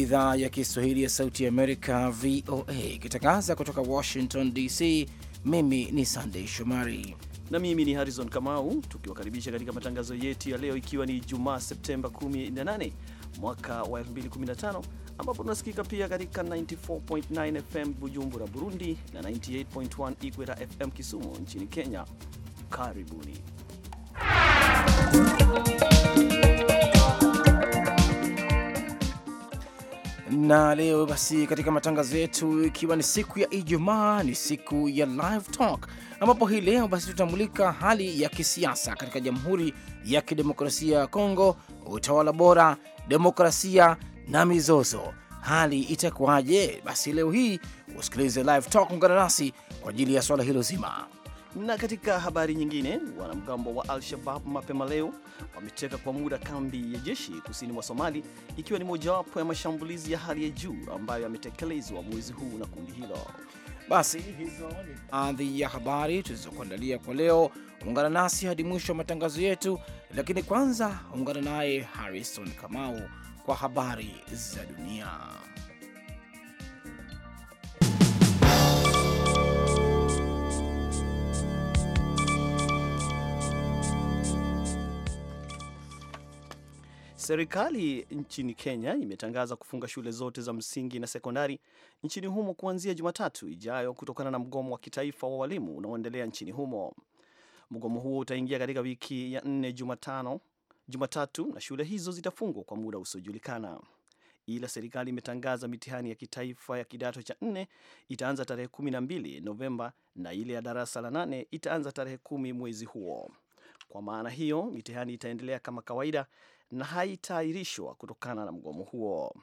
idhaa ya Kiswahili ya Sauti ya Amerika, VOA, ikitangaza kutoka Washington DC. Mimi ni Sandei Shomari na mimi ni Harrison Kamau, tukiwakaribisha katika matangazo yetu ya leo, ikiwa ni Jumaa Septemba 18 mwaka wa 2015 ambapo tunasikika pia katika 94.9 FM Bujumbura, Burundi na 98.1 Ikweta FM Kisumu nchini Kenya. Karibuni na leo basi katika matangazo yetu, ikiwa ni siku ya Ijumaa, ni siku ya live talk, ambapo hii leo basi tutamulika hali ya kisiasa katika Jamhuri ya Kidemokrasia ya Kongo, utawala bora, demokrasia na mizozo. Hali itakuwaje? Basi leo hii usikilize live talk, ungana nasi kwa ajili ya swala hilo zima. Na katika habari nyingine, wanamgambo wa Al-Shabab mapema leo wameteka kwa muda kambi ya jeshi kusini mwa Somali, ikiwa ni mojawapo ya mashambulizi ya hali ya juu ambayo yametekelezwa mwezi huu na kundi hilo. Basi hizo ni baadhi ya habari tulizokuandalia kwa leo. Ungana nasi hadi mwisho wa matangazo yetu, lakini kwanza ungana naye Harrison Kamau kwa habari za dunia. Serikali nchini Kenya imetangaza kufunga shule zote za msingi na sekondari nchini humo kuanzia Jumatatu ijayo kutokana na mgomo wa kitaifa wa walimu unaoendelea nchini humo. Mgomo huo utaingia katika wiki ya nne Jumatano, Jumatatu, na shule hizo zitafungwa kwa muda usiojulikana. Ila serikali imetangaza mitihani ya kitaifa ya kidato cha nne itaanza tarehe kumi na mbili Novemba na ile ya darasa la nane itaanza tarehe kumi mwezi huo. Kwa maana hiyo mitihani itaendelea kama kawaida na haitairishwa kutokana na mgomo huo.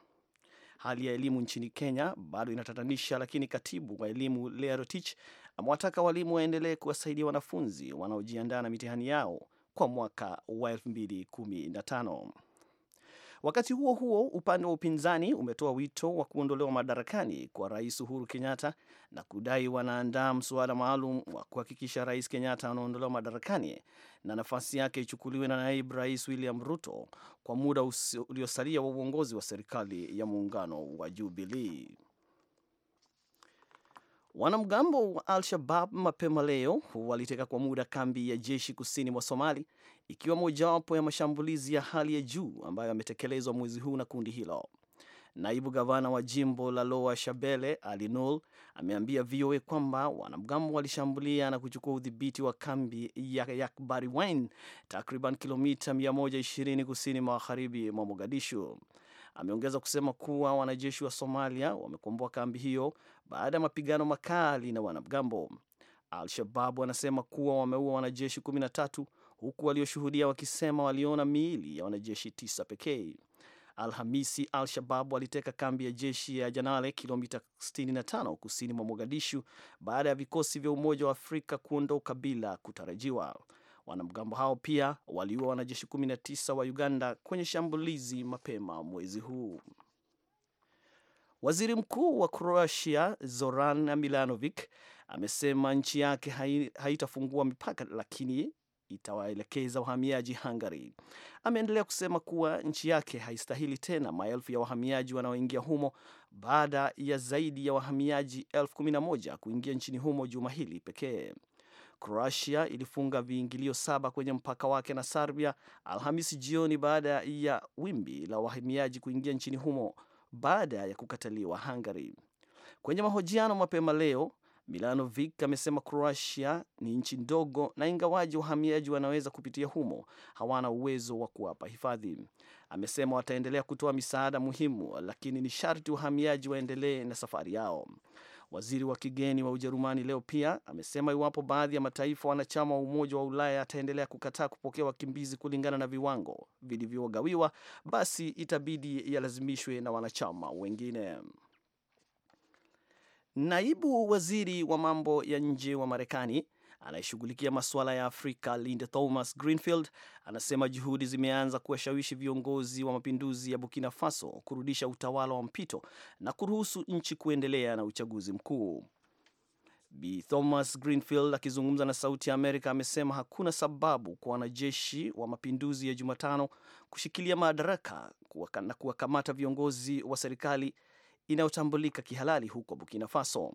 Hali ya elimu nchini Kenya bado inatatanisha, lakini katibu wa elimu Lea Rotich amewataka walimu waendelee kuwasaidia wanafunzi wanaojiandaa na mitihani yao kwa mwaka wa 215 Wakati huo huo, upande wa upinzani umetoa wito wa kuondolewa madarakani kwa Rais Uhuru Kenyatta na kudai wanaandaa mswada maalum wa kuhakikisha Rais Kenyatta anaondolewa madarakani na nafasi yake ichukuliwe na naibu rais William Ruto kwa muda uliosalia wa uongozi wa serikali ya muungano wa jubilii Wanamgambo wa Al-Shabab mapema leo waliteka kwa muda kambi ya jeshi kusini mwa Somali ikiwa mojawapo ya mashambulizi ya hali ya juu ambayo yametekelezwa mwezi huu na kundi hilo. Naibu gavana wa jimbo la Lower Shabelle Ali ameambia VOA kwamba wanamgambo walishambulia na kuchukua udhibiti wa kambi ya Yakbariwan takriban kilomita 120 kusini magharibi mwa Mogadishu. Ameongeza kusema kuwa wanajeshi wa Somalia wamekomboa kambi hiyo baada ya mapigano makali na wanamgambo. Al-Shababu anasema kuwa wameua wanajeshi huku walioshuhudia wakisema waliona miili ya wanajeshi tisa pekee. Alhamisi, Al-Shabab waliteka kambi ya jeshi ya Janale, kilomita 65 kusini mwa Mogadishu, baada ya vikosi vya Umoja wa Afrika kuondoka bila kutarajiwa. Wanamgambo hao pia waliua wanajeshi 19 wa Uganda kwenye shambulizi mapema mwezi huu. Waziri Mkuu wa Croatia Zoran Milanovic amesema nchi yake haitafungua mipaka, lakini itawaelekeza wahamiaji Hungary. Ameendelea kusema kuwa nchi yake haistahili tena maelfu ya wahamiaji wanaoingia humo baada ya zaidi ya wahamiaji elfu kumi na moja kuingia nchini humo juma hili pekee. Croatia ilifunga viingilio saba kwenye mpaka wake na Serbia Alhamisi jioni baada ya wimbi la wahamiaji kuingia nchini humo baada ya kukataliwa Hungary. Kwenye mahojiano mapema leo, Milanovic amesema Croatia ni nchi ndogo na ingawaji wahamiaji wanaweza kupitia humo, hawana uwezo wa kuwapa hifadhi. Amesema wataendelea kutoa misaada muhimu, lakini ni sharti wahamiaji waendelee na safari yao. Waziri wa kigeni wa Ujerumani leo pia amesema iwapo baadhi ya mataifa wanachama wa Umoja wa Ulaya ataendelea kukataa kupokea wakimbizi kulingana na viwango vilivyogawiwa, basi itabidi yalazimishwe na wanachama wengine. Naibu waziri wa mambo ya nje wa Marekani anayeshughulikia masuala ya Afrika Linda Thomas Greenfield anasema juhudi zimeanza kuwashawishi viongozi wa mapinduzi ya Burkina Faso kurudisha utawala wa mpito na kuruhusu nchi kuendelea na uchaguzi mkuu. b Thomas Greenfield akizungumza na Sauti ya Amerika amesema hakuna sababu kwa wanajeshi wa mapinduzi ya Jumatano kushikilia madaraka na kuwakamata viongozi wa serikali inayotambulika kihalali huko Burkina Faso.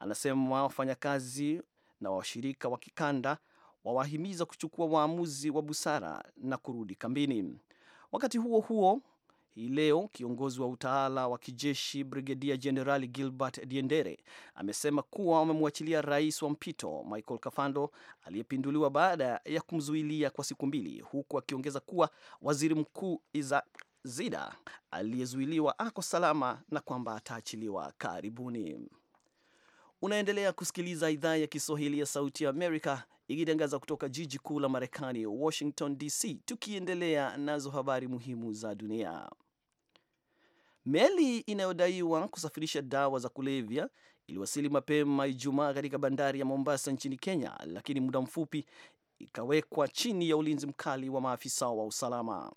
Anasema wafanyakazi na washirika wa kikanda wawahimiza kuchukua waamuzi wa busara na kurudi kambini. Wakati huo huo, hii leo kiongozi wa utawala wa kijeshi Brigedia Jenerali Gilbert Diendere amesema kuwa wamemwachilia rais wa mpito Michael Kafando aliyepinduliwa baada ya kumzuilia kwa siku mbili, huku akiongeza kuwa waziri mkuu Isaac Zida aliyezuiliwa ako salama na kwamba ataachiliwa karibuni. Unaendelea kusikiliza idhaa ya Kiswahili ya Sauti ya Amerika ikitangaza kutoka jiji kuu la Marekani, Washington DC. Tukiendelea nazo habari muhimu za dunia, meli inayodaiwa kusafirisha dawa za kulevya iliwasili mapema Ijumaa katika bandari ya Mombasa nchini Kenya, lakini muda mfupi ikawekwa chini ya ulinzi mkali wa maafisa wa usalama.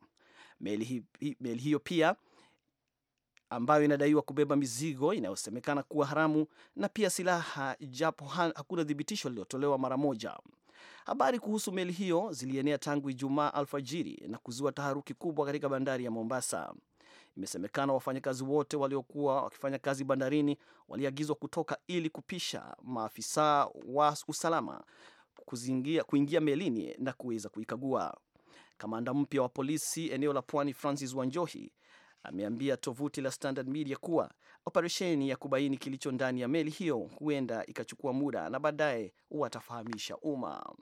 Meli, hi, meli hiyo pia ambayo inadaiwa kubeba mizigo inayosemekana kuwa haramu na pia silaha, japo hakuna thibitisho lililotolewa mara moja. Habari kuhusu meli hiyo zilienea tangu Ijumaa alfajiri na kuzua taharuki kubwa katika bandari ya Mombasa. Imesemekana wafanyakazi wote waliokuwa wakifanya kazi bandarini waliagizwa kutoka ili kupisha maafisa wa usalama kuingia melini na kuweza kuikagua. Kamanda mpya wa polisi eneo la pwani Francis Wanjohi ameambia tovuti la Standard Media kuwa operesheni ya kubaini kilicho ndani ya meli hiyo huenda ikachukua muda na baadaye watafahamisha umma.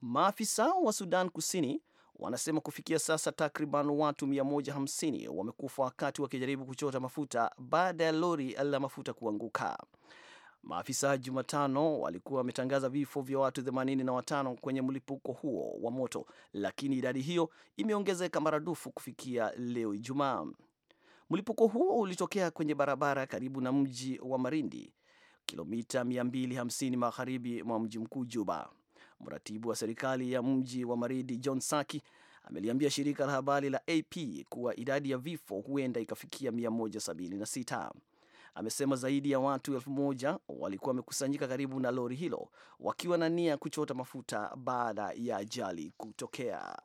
Maafisa wa Sudan Kusini wanasema kufikia sasa takriban watu 150 wamekufa wakati wakijaribu kuchota mafuta baada ya lori la mafuta kuanguka. Maafisa Jumatano walikuwa wametangaza vifo vya watu 85 kwenye mlipuko huo wa moto, lakini idadi hiyo imeongezeka maradufu kufikia leo Ijumaa. Mlipuko huo ulitokea kwenye barabara karibu na mji wa Marindi, kilomita 250 magharibi mwa mji mkuu Juba. Mratibu wa serikali ya mji wa Marindi, John Saki, ameliambia shirika la habari la AP kuwa idadi ya vifo huenda ikafikia 176 amesema zaidi ya watu elfu moja walikuwa wamekusanyika karibu na lori hilo wakiwa na nia kuchota mafuta baada ya ajali kutokea.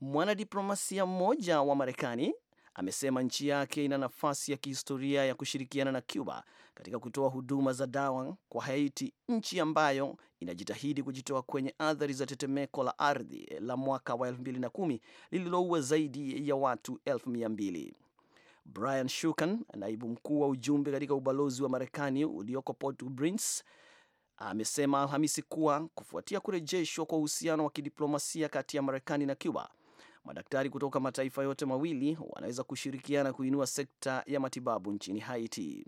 Mwanadiplomasia mmoja wa Marekani amesema nchi yake ina nafasi ya kihistoria ya kushirikiana na Cuba katika kutoa huduma za dawa kwa Haiti, nchi ambayo inajitahidi kujitoa kwenye athari za tetemeko la ardhi la mwaka wa 2010 lililoua zaidi ya watu elfu mia mbili. Brian Shukan, naibu mkuu wa ujumbe katika ubalozi wa Marekani ulioko Port-au-Prince, amesema Alhamisi kuwa kufuatia kurejeshwa kwa uhusiano wa kidiplomasia kati ya Marekani na Cuba, madaktari kutoka mataifa yote mawili wanaweza kushirikiana kuinua sekta ya matibabu nchini Haiti.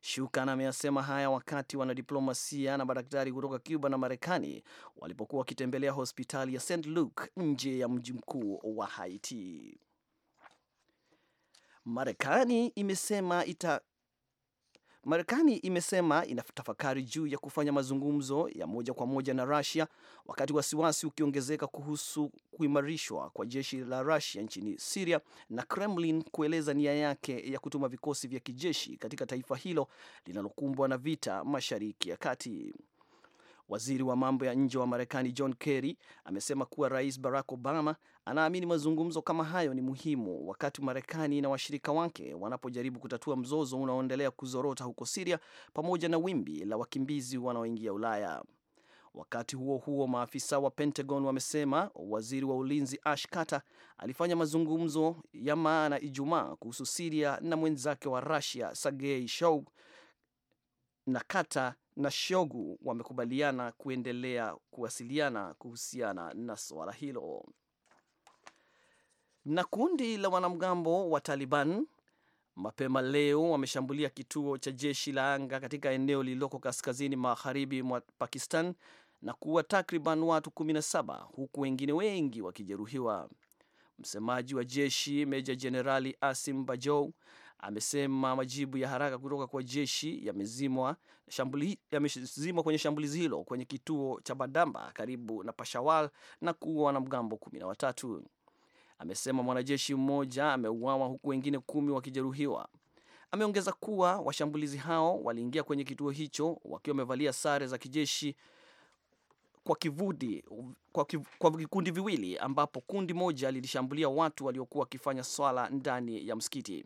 Shukan ameyasema haya wakati wanadiplomasia na madaktari kutoka Cuba na Marekani walipokuwa wakitembelea hospitali ya St Luke nje ya mji mkuu wa Haiti. Marekani imesema ita Marekani imesema inatafakari juu ya kufanya mazungumzo ya moja kwa moja na Russia wakati wasiwasi ukiongezeka kuhusu kuimarishwa kwa jeshi la Russia nchini Syria na Kremlin kueleza nia yake ya kutuma vikosi vya kijeshi katika taifa hilo linalokumbwa na vita Mashariki ya Kati. Waziri wa mambo ya nje wa Marekani John Kerry amesema kuwa Rais Barack Obama anaamini mazungumzo kama hayo ni muhimu wakati Marekani na washirika wake wanapojaribu kutatua mzozo unaoendelea kuzorota huko Siria pamoja na wimbi la wakimbizi wanaoingia Ulaya. Wakati huo huo, maafisa wa Pentagon wamesema waziri wa ulinzi Ash Carter alifanya mazungumzo ya maana Ijumaa kuhusu Siria na mwenzake wa rasia Sergei Shoigu na Carter na Shogu wamekubaliana kuendelea kuwasiliana kuhusiana na suala hilo. Na kundi la wanamgambo wa Taliban mapema leo wameshambulia kituo cha jeshi la anga katika eneo lililoko kaskazini magharibi mwa Pakistan na kuua takriban watu 17 huku wengine wengi wakijeruhiwa. Msemaji wa jeshi Meja Jenerali Asim Bajou amesema majibu ya haraka kutoka kwa jeshi yamezimwa yamezimwa kwenye shambulizi hilo kwenye kituo cha Badamba karibu na Pashawal na kuua wanamgambo kumi na watatu. Amesema mwanajeshi mmoja ameuawa huku wengine kumi wakijeruhiwa. Ameongeza kuwa washambulizi hao waliingia kwenye kituo hicho wakiwa wamevalia sare za kijeshi kwa kivudi, kwa, kiv, kwa vikundi viwili ambapo kundi moja lilishambulia watu waliokuwa wakifanya swala ndani ya msikiti.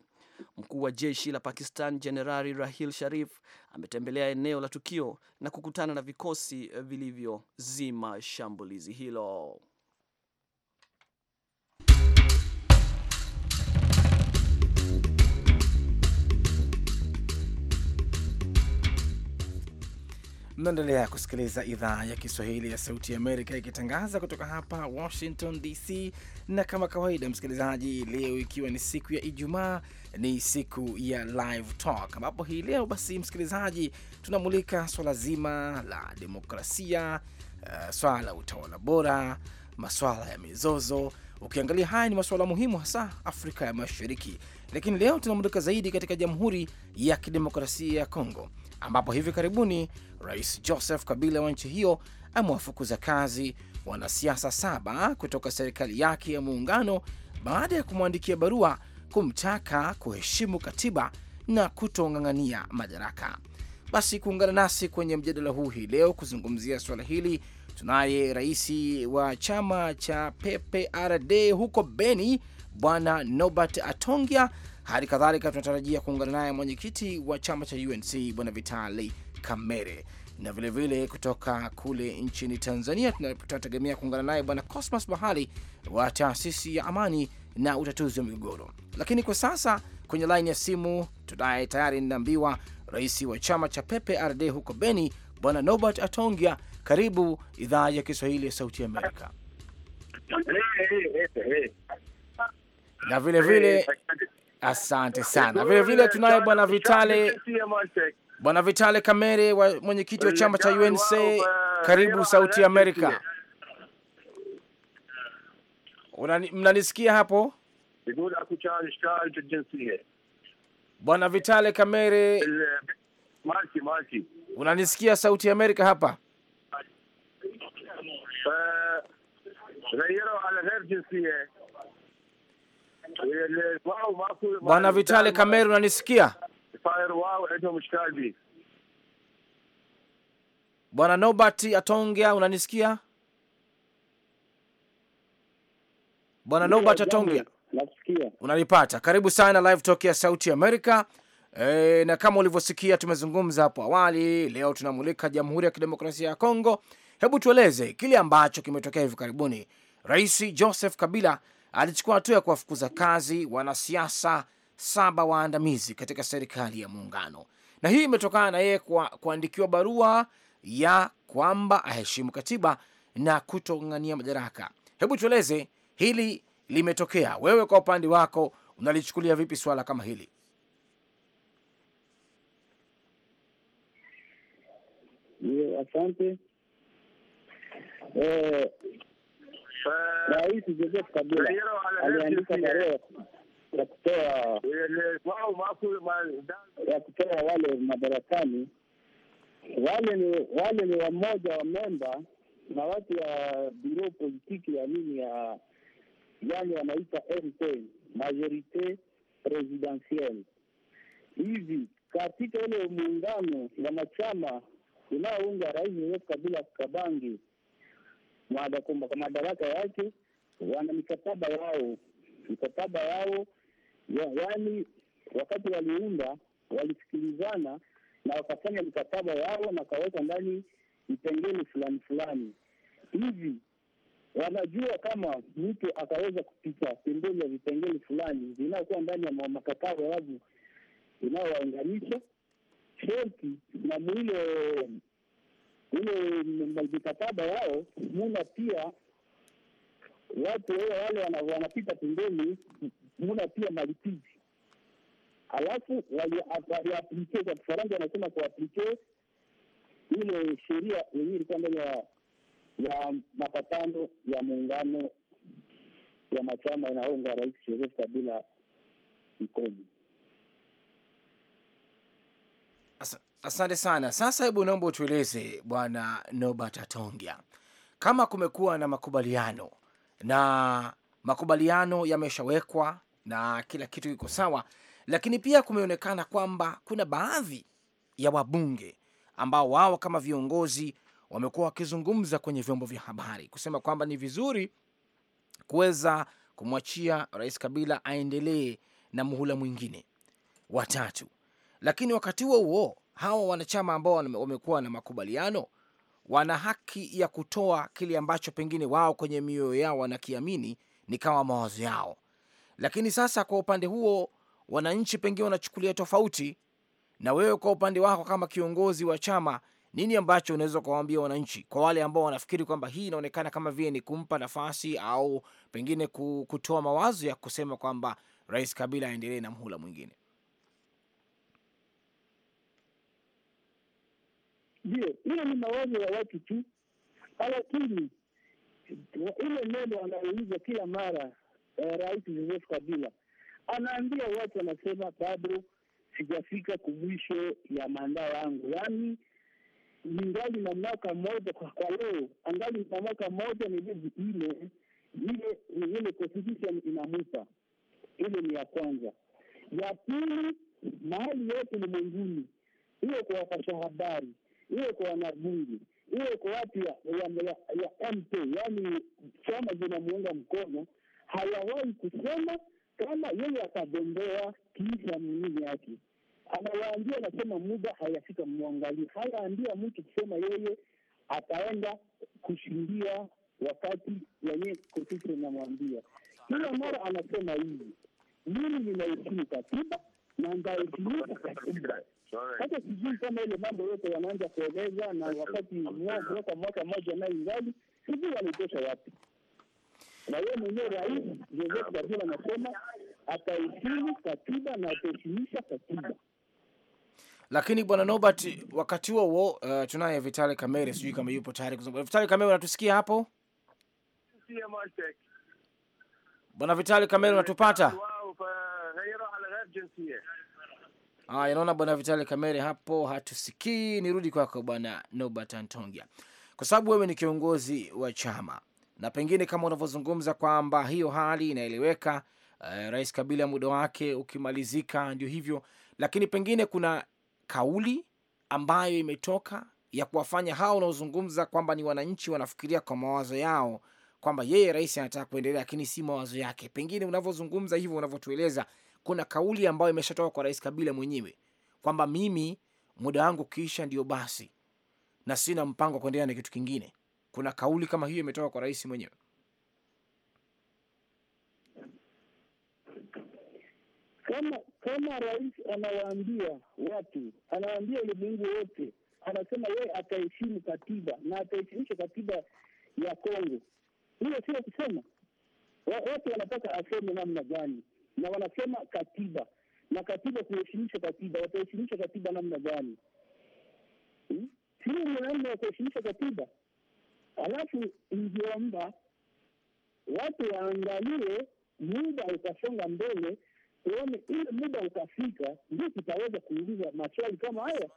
Mkuu wa jeshi la Pakistan Jenerali Rahil Sharif ametembelea eneo la tukio na kukutana na vikosi vilivyozima shambulizi hilo. naendelea kusikiliza idhaa ya Kiswahili ya Sauti ya Amerika ikitangaza kutoka hapa Washington DC, na kama kawaida, msikilizaji, leo ikiwa ni siku ya Ijumaa ni siku ya live talk, ambapo hii leo basi, msikilizaji, tunamulika swala zima la demokrasia, uh, swala la utawala bora, maswala ya mizozo. Ukiangalia haya ni masuala muhimu hasa Afrika ya Mashariki, lakini leo tunamulika zaidi katika Jamhuri ya Kidemokrasia ya Kongo, ambapo hivi karibuni Rais Joseph Kabila wa nchi hiyo amewafukuza kazi wanasiasa saba kutoka serikali yake ya muungano baada ya kumwandikia barua kumtaka kuheshimu katiba na kutong'ang'ania madaraka. Basi kuungana nasi kwenye mjadala huu hii leo kuzungumzia suala hili tunaye rais wa chama cha PPRD huko Beni, Bwana Nobert Atongia. Hali kadhalika tunatarajia kuungana naye mwenyekiti wa chama cha UNC Bwana Vitali Kamere, na vilevile vile kutoka kule nchini Tanzania tunategemea kuungana naye Bwana Cosmas Bahali wa taasisi ya amani na utatuzi wa migogoro. Lakini kwa sasa kwenye laini ya simu tunaye tayari ninaambiwa rais wa chama cha Pepe RD huko Beni, Bwana Nobert Atongia. Karibu idhaa ya Kiswahili ya Sauti Amerika. Na vile vile asante sana. Vile vile tunaye Bwana Vitale, Bwana Vitale Kamere mwenyekiti wa chama cha UNC. Karibu Sauti Amerika. Mnanisikia hapo? بدون اكو كان اشكال في الجنسيه. Bwana Vitale Kamere, Malki Malki, unanisikia sauti ya Amerika hapa? Eh, eh, Bwana Vitale Kamere, unanisikia? Bwana Nobati Atongea, unanisikia? Bwana Nobert Atongea Nasikia. unanipata? Karibu sana Live Talk ya Sauti Amerika. E, na kama ulivyosikia tumezungumza hapo awali, leo tunamulika Jamhuri ya Kidemokrasia ya Kongo. Hebu tueleze kile ambacho kimetokea hivi karibuni. Rais Joseph Kabila alichukua hatua ya kuwafukuza kazi wanasiasa saba waandamizi katika serikali ya muungano, na hii imetokana na yeye kuandikiwa barua ya kwamba aheshimu katiba na kutongania madaraka. Hebu tueleze hili limetokea. Wewe kwa upande wako unalichukulia vipi swala kama hili? Asante. Eh, Rais Joseph Kabila aliandika tarehe ya kutoa ya kutoa wale madarakani wale ni wale ni wamoja wa memba na watu wa biro politiki ya nini ya yani wanaita MP, majorite presidentielle. Hivi katika ile muungano wa machama unaounga Rais Joseph Kabila Kabange madaraka yake, wana mikataba yao, mikataba yao ya, yani wakati waliunda walisikilizana na wakafanya mikataba yao na wakaweka ndani vipengele fulani fulani hivi wanajua kama mtu akaweza kupita pembeni ya vipengele fulani vinaokuwa ndani ya makataba ya wavu inayowaunganisha sherti na mwile ile mikataba yao muna pia watu wale wanapita pembeni, muna pia malipizi. Alafu waliaplike kwa kifaranja wanasema kuaplike ile sheria yenyewe ilikuwa ndani ya ya mapatano ya muungano ya machama yanaunga Rais Joseph Kabila mkono. Asante sana. Sasa hebu naomba utueleze Bwana Norbert Atongia, kama kumekuwa na makubaliano na makubaliano yameshawekwa na kila kitu kiko sawa, lakini pia kumeonekana kwamba kuna baadhi ya wabunge ambao wao kama viongozi wamekuwa wakizungumza kwenye vyombo vya habari kusema kwamba ni vizuri kuweza kumwachia Rais Kabila aendelee na muhula mwingine watatu, lakini wakati huo huo hawa wanachama ambao wamekuwa na makubaliano wana haki ya kutoa kile ambacho pengine wao kwenye mioyo yao wanakiamini ni kama mawazo yao. Lakini sasa kwa upande huo wananchi pengine wanachukulia tofauti, na wewe kwa upande wako kama kiongozi wa chama nini ambacho unaweza kuwaambia wananchi, kwa wale ambao wanafikiri kwamba hii inaonekana kama vile ni kumpa nafasi au pengine kutoa mawazo ya kusema kwamba Rais Kabila aendelee na mhula mwingine? Ndio, hiyo ni mawazo ya watu tu, lakini ile neno anayouliza kila mara eh, Rais Joseph Kabila anaambia watu, anasema bado sijafika kumwisho ya mandaa yangu, yaani ngali na mwaka mmoja kwa, kwa leo angali na mwaka mmoja ni miezi nne, ile ile constitution inamupa. Ile ni ya kwanza. Ya pili, mahali yote ulimwenguni, hiyo kwa wapasha habari, hiyo kwa wanabunge, hiyo kwa watu ya, ya, ya, ya MP, yaani chama zinamuunga mkono, hayawahi kusema kama yeye atagombea kiisha mwingine yake anawaambia, anasema muda hayafika, mwangalie. Hayaambia mtu kusema yeye ataenda kushindia wakati wenye kosisi inamwambia. Kila mara anasema hivi, mimi ninaheshimu katiba na nitaheshimisha katiba. Sasa sijui kama ile mambo yote wanaanza kueleza na wakati mwaka mwaka mmoja naye ingali sijui wanaitosha wapi na yeye mwenyewe Rais Joseph Kabila anasema ataheshimu katiba na ataheshimisha katiba. Lakini bwana Nobert, wakati huo huo, uh, tunaye Vitali Kamere, sijui kama yupo tayari kuzungumza. Vitali Kamere, unatusikia hapo? Bwana Vitali Kamere, unatupata? Eh, eh, Haya, naona bwana Vitali Kamere hapo hatusikii. Nirudi kwako bwana Nobert Antongia, kwa sababu wewe ni kiongozi wa chama na pengine kama unavyozungumza kwamba hiyo hali inaeleweka. Uh, Rais Kabila muda wake ukimalizika, ndio hivyo, lakini pengine kuna kauli ambayo imetoka ya kuwafanya hao wanaozungumza kwamba ni wananchi wanafikiria kwa mawazo yao kwamba yeye rais anataka kuendelea, lakini si mawazo yake. Pengine unavyozungumza hivyo, unavyotueleza, kuna kauli ambayo imeshatoka kwa Rais Kabila mwenyewe kwamba mimi muda wangu kisha ndio basi, na sina mpango wa kuendelea na kitu kingine. Kuna kauli kama hiyo imetoka kwa rais mwenyewe? Kama kama rais anawaambia watu, anawaambia ulimwengu wote, anasema yeye ataheshimu katiba na ataheshimisha katiba ya Kongo, hiyo sio kusema. Watu wanataka aseme namna gani? Na wanasema katiba na katiba, kuheshimisha katiba, wataheshimisha katiba namna gani? Hmm? Sio namna ya kuheshimisha katiba. Alafu ingiomba watu waangalie muda ukasonga mbele tuone yaani, ule muda utafika, ndio tutaweza kuuliza maswali kama haya,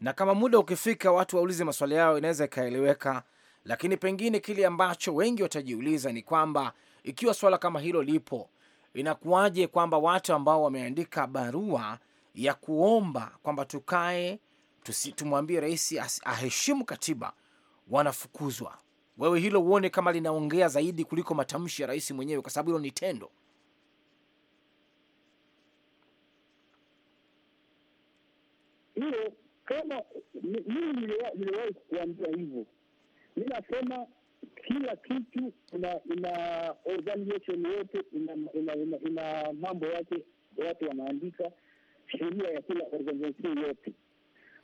na kama muda ukifika watu waulize maswali yao, inaweza ikaeleweka. Lakini pengine kile ambacho wengi watajiuliza ni kwamba ikiwa swala kama hilo lipo, inakuwaje kwamba watu ambao wameandika barua ya kuomba kwamba tukae tumwambie rais aheshimu katiba wanafukuzwa? wewe hilo uone kama linaongea zaidi kuliko matamshi ya rais mwenyewe, kwa sababu hilo ni tendo. hiyo kama mimi niliwahi kuambia hivyo, mi nasema kila kitu ina ina organization yote ina mambo yake, watu wanaandika sheria ya kila organization yote,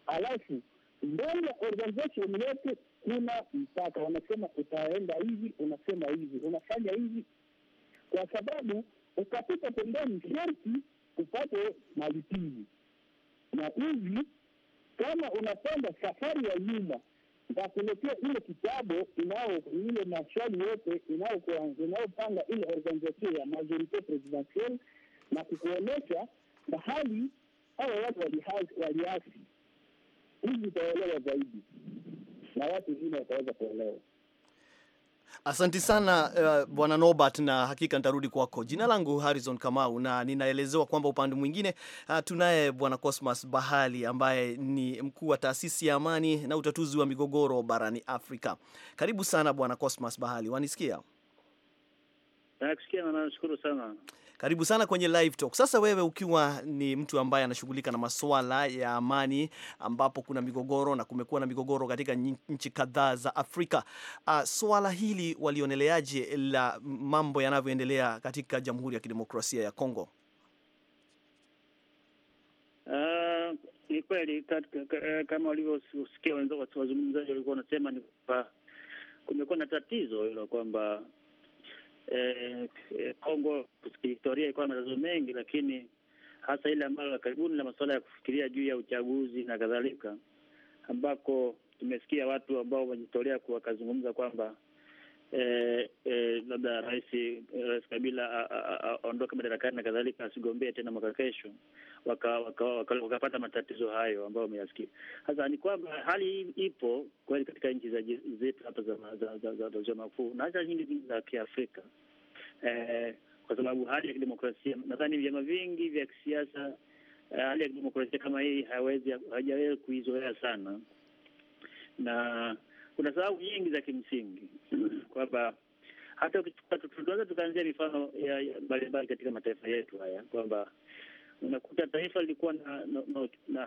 alafu ndani ya organization yote kuna mpaka, wanasema utaenda hivi, unasema hivi, unafanya hivi, kwa sababu ukapita pembeni sharti upate malipizi. Na hivi kama unapenda safari ya nyuma nakuletea ile kitabu inao ile maswali yote inayopanga ile organization ya majorite presidentielle na kukuonyesha mahali au watu waliasi, hivi utaelewa zaidi na watu wengine wataweza kuelewa. Asanti sana uh, Bwana Norbert, na hakika nitarudi kwako. Jina langu Harrison Kamau, na ninaelezewa kwamba upande mwingine uh, tunaye Bwana Cosmas Bahali ambaye ni mkuu wa taasisi ya amani na utatuzi wa migogoro barani Afrika. Karibu sana Bwana Cosmas Bahali, wanisikia? Nakusikia na nashukuru sana. Karibu sana kwenye live talk. Sasa wewe ukiwa ni mtu ambaye anashughulika na masuala ya amani, ambapo kuna migogoro na kumekuwa na migogoro katika nchi kadhaa za Afrika, uh, swala hili walioneleaje la mambo yanavyoendelea katika Jamhuri ya Kidemokrasia ya Kongo? Uh, ni kweli kama walivyosikia wenzao wazungumzaji walikuwa wanasema, ni kwamba kumekuwa na tatizo hilo kwamba Eh, eh, Kongo eh, kihistoria ilikuwa na matatizo mengi, lakini hasa ile ambalo la karibuni la masuala ya kufikiria juu ya uchaguzi na kadhalika, ambako tumesikia watu ambao wamejitolea kuwakazungumza kwamba eh, eh, labda rais eh, rais Kabila aondoke madarakani na kadhalika, asigombee tena mwaka kesho, wakapata waka, waka, waka matatizo hayo ambayo wameyasikia. Sasa ni kwamba hali ipo kweli katika nchi zetu hapa za maziwa makuu na hata nyingi za Kiafrika eh, kwa sababu hali ya kidemokrasia, nadhani vyama vingi vya kisiasa eh, hali ya kidemokrasia kama hii hawezi kuizoea sana na kuna sababu nyingi za kimsingi kwamba hata tunaweza tukaanzia mifano mbalimbali katika mataifa yetu haya kwamba unakuta taifa lilikuwa na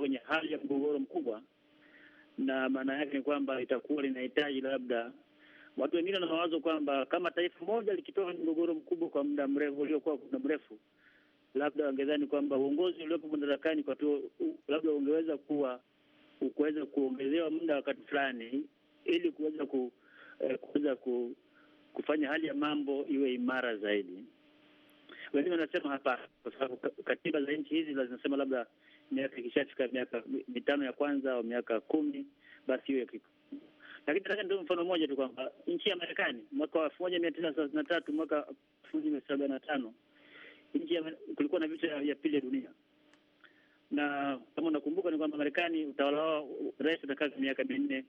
kwenye hali ya mgogoro mkubwa, na maana yake ni kwamba itakuwa linahitaji labda watu wengine wana mawazo kwamba kama taifa moja likitoka kwenye mgogoro mkubwa kwa muda mrefu uliokuwa muda mrefu, labda wangedhani kwamba uongozi uliopo madarakani kwa tu labda ungeweza kuwa kuweza kuongezewa muda wakati fulani, ili kuweza ku, eh, kuweza ku, kufanya hali ya mambo iwe imara zaidi. Wengine wanasema hapa, kwa sababu katiba za nchi hizi zinasema labda miaka ikishafika miaka mitano ya kwanza au miaka kumi basi hiyo lakini nataka ndio mfano mmoja tu kwamba nchi ya Marekani mwaka wa elfu moja mia tisa thelathini na tatu mwaka elfu moja mia tisa na tano nchi kulikuwa na vita ya pili ya dunia na kama unakumbuka ni kwamba Marekani utawala wao rais utakaa miaka minne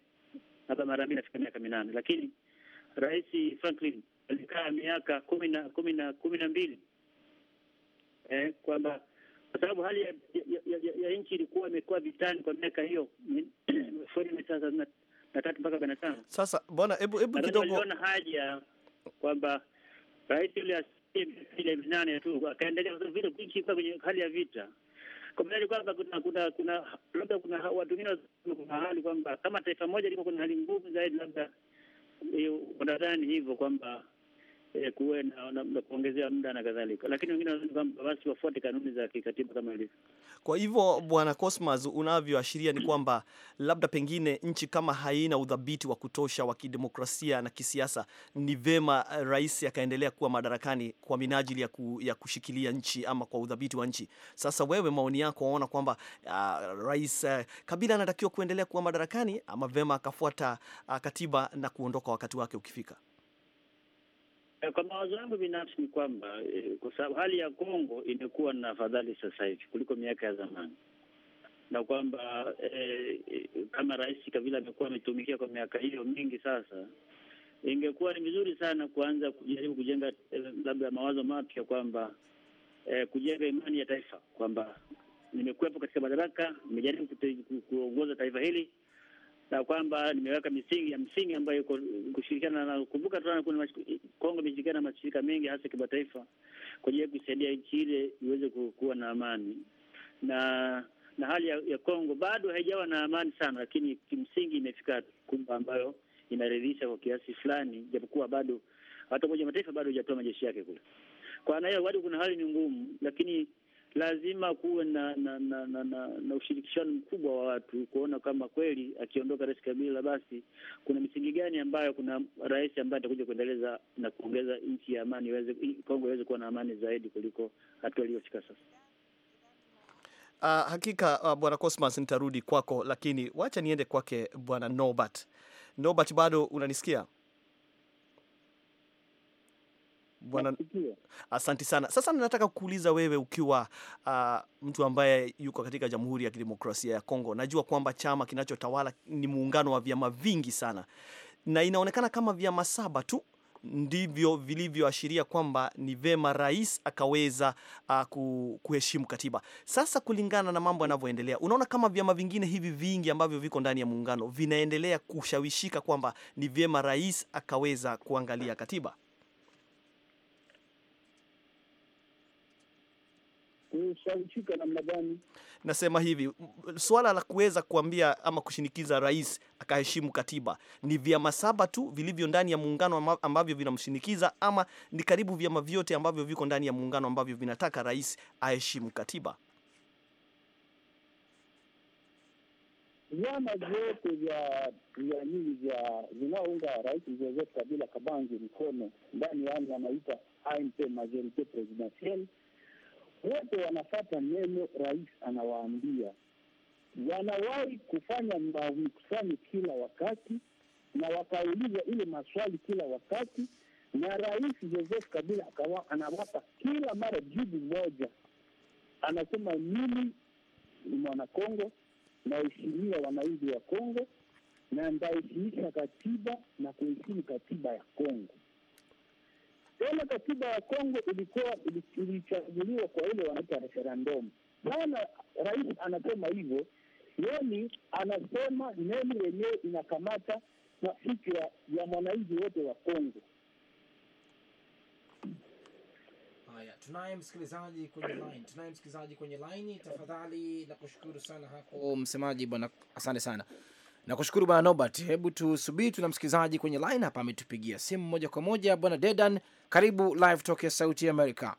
hata mara mbili nafika miaka minane, lakini rais Franklin alikaa miaka kumi na kumi na kumi na mbili eh, kwamba kwa sababu hali ya, ya, ya, ya ya nchi ilikuwa imekuwa vitani kwa miaka hiyo thelathini na tatu mpaka arobaini na tano. Sasa bwana, hebu hebu kidogo, aliona haja kwamba rais yule asiye miaka minane tu akaendelea vile kuishi kwenye hali ya vita kubali kwamba kuna kuna kuna labda kuna watu wengine kuna hali kwamba kama taifa moja liko kuna hali ngumu zaidi, labda e, wanadhani hivyo kwamba e, kuwe na kuongezea muda na kadhalika, lakini wengine wanadhani kwamba basi wafuate kanuni za kikatiba kama ilivyo. Kwa hivyo Bwana Cosmas, unavyoashiria ni kwamba labda pengine nchi kama haina udhabiti wa kutosha wa kidemokrasia na kisiasa, ni vema eh, rais akaendelea kuwa madarakani kwa minajili ya, ku, ya kushikilia nchi ama kwa udhabiti wa nchi. Sasa wewe, maoni yako, waona kwamba uh, rais uh, Kabila anatakiwa kuendelea kuwa madarakani ama vema akafuata uh, katiba na kuondoka wakati wake ukifika? Eh, kwa mawazo yangu binafsi ni kwamba eh, kwa sababu hali ya Kongo imekuwa na afadhali sasa hivi kuliko miaka ya zamani, na kwamba eh, kama Rais Kabila amekuwa ametumikia kwa miaka hiyo mingi sasa, ingekuwa ni vizuri sana kuanza kujaribu kujenga eh, labda mawazo mapya kwamba eh, kujenga imani ya taifa kwamba nimekuwepo katika madaraka, nimejaribu kuongoza taifa hili na kwamba nimeweka misingi ya msingi ambayo iko kushirikiana na kumbuka, tunaona kuna Kongo imeshirikiana na mashirika mengi hasa kimataifa kwa ajili ya kusaidia nchi ile iweze kuwa na amani na na hali ya, ya Kongo bado haijawa na amani sana, lakini kimsingi imefika kumba ambayo inaridhisha kwa kiasi fulani, japokuwa bado hata Umoja Mataifa bado hajatoa majeshi yake kule kwa nayo, bado kuna hali ni ngumu, lakini lazima kuwe na na, na, na, na, na ushirikishano mkubwa wa watu kuona kama kweli akiondoka Rais Kabila basi kuna misingi gani ambayo kuna rais ambaye atakuja kuendeleza na kuongeza nchi ya amani iweze Kongo iweze kuwa na amani zaidi kuliko hatua iliyofika sasa. Uh, hakika uh, Bwana Cosmas nitarudi kwako, lakini wacha niende kwake Bwana Norbert. Norbert, bado unanisikia? bwana. asanti sana. Sasa nataka kukuuliza wewe, ukiwa uh, mtu ambaye yuko katika Jamhuri ya Kidemokrasia ya Kongo, najua kwamba chama kinachotawala ni muungano wa vyama vingi sana, na inaonekana kama vyama saba tu ndivyo vilivyoashiria kwamba ni vema rais akaweza uh, kuheshimu katiba. Sasa kulingana na mambo yanavyoendelea, unaona kama vyama vingine hivi vingi ambavyo viko ndani ya muungano vinaendelea kushawishika kwamba ni vyema rais akaweza kuangalia katiba. kushawishika namna gani? Nasema hivi, swala la kuweza kuambia ama kushinikiza rais akaheshimu katiba ni vyama saba tu vilivyo ndani ya muungano ambavyo vinamshinikiza, ama ni karibu vyama vyote ambavyo viko ndani ya muungano ambavyo vinataka rais aheshimu katiba. Vyama vyote vya vya nini vya vinaounga rais Joseph Kabila Kabange mkono ndani yani, anaita AMP majorite presidentielle wote wanafata neno rais anawaambia. Wanawahi kufanya mikusanyo kila wakati na wakaulizwa ile maswali kila wakati, na rais Joseph Kabila akawa anawapa kila mara jibu moja, anasema mimi ni mwanakongo, naheshimia wananchi wa Kongo na nitaheshimisha katiba na kuheshimu katiba ya Kongo katiba ya Kongo ilikuwa ilichaguliwa kwa ile wanaita referendum. Naona rais anasema hivyo, yani anasema neno yenyewe inakamata na fikra ya mwananchi wote wa Kongo. Haya, tunaye msikilizaji kwenye line, tunaye msikilizaji kwenye line. Tafadhali nakushukuru sana hapo msemaji bwana, asante sana. Nakushukuru bwana Nobert. Hebu tusubiri, tuna msikilizaji kwenye line hapa ametupigia simu moja kwa moja. Bwana Dedan, karibu live talk ya Sauti ya Amerika.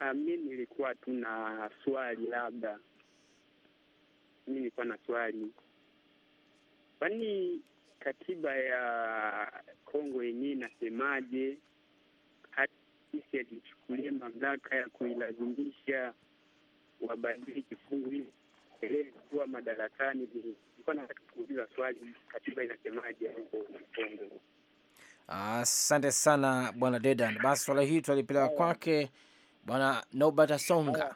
Ah, mi nilikuwa tu na swali, labda mi nilikuwa na swali, kwani katiba ya Kongo yenyewe inasemaje hata sisi alichukulia mamlaka ya kuilazimisha wabadili kifungu hili kuwa madarakani? nilikuwa nataka kuuliza swali, katiba inasemaje huko Kongo? Asante sana bwana Dedan. Basi swala hii twalipelewa eh. kwake bwana Nobata Songa. Eh.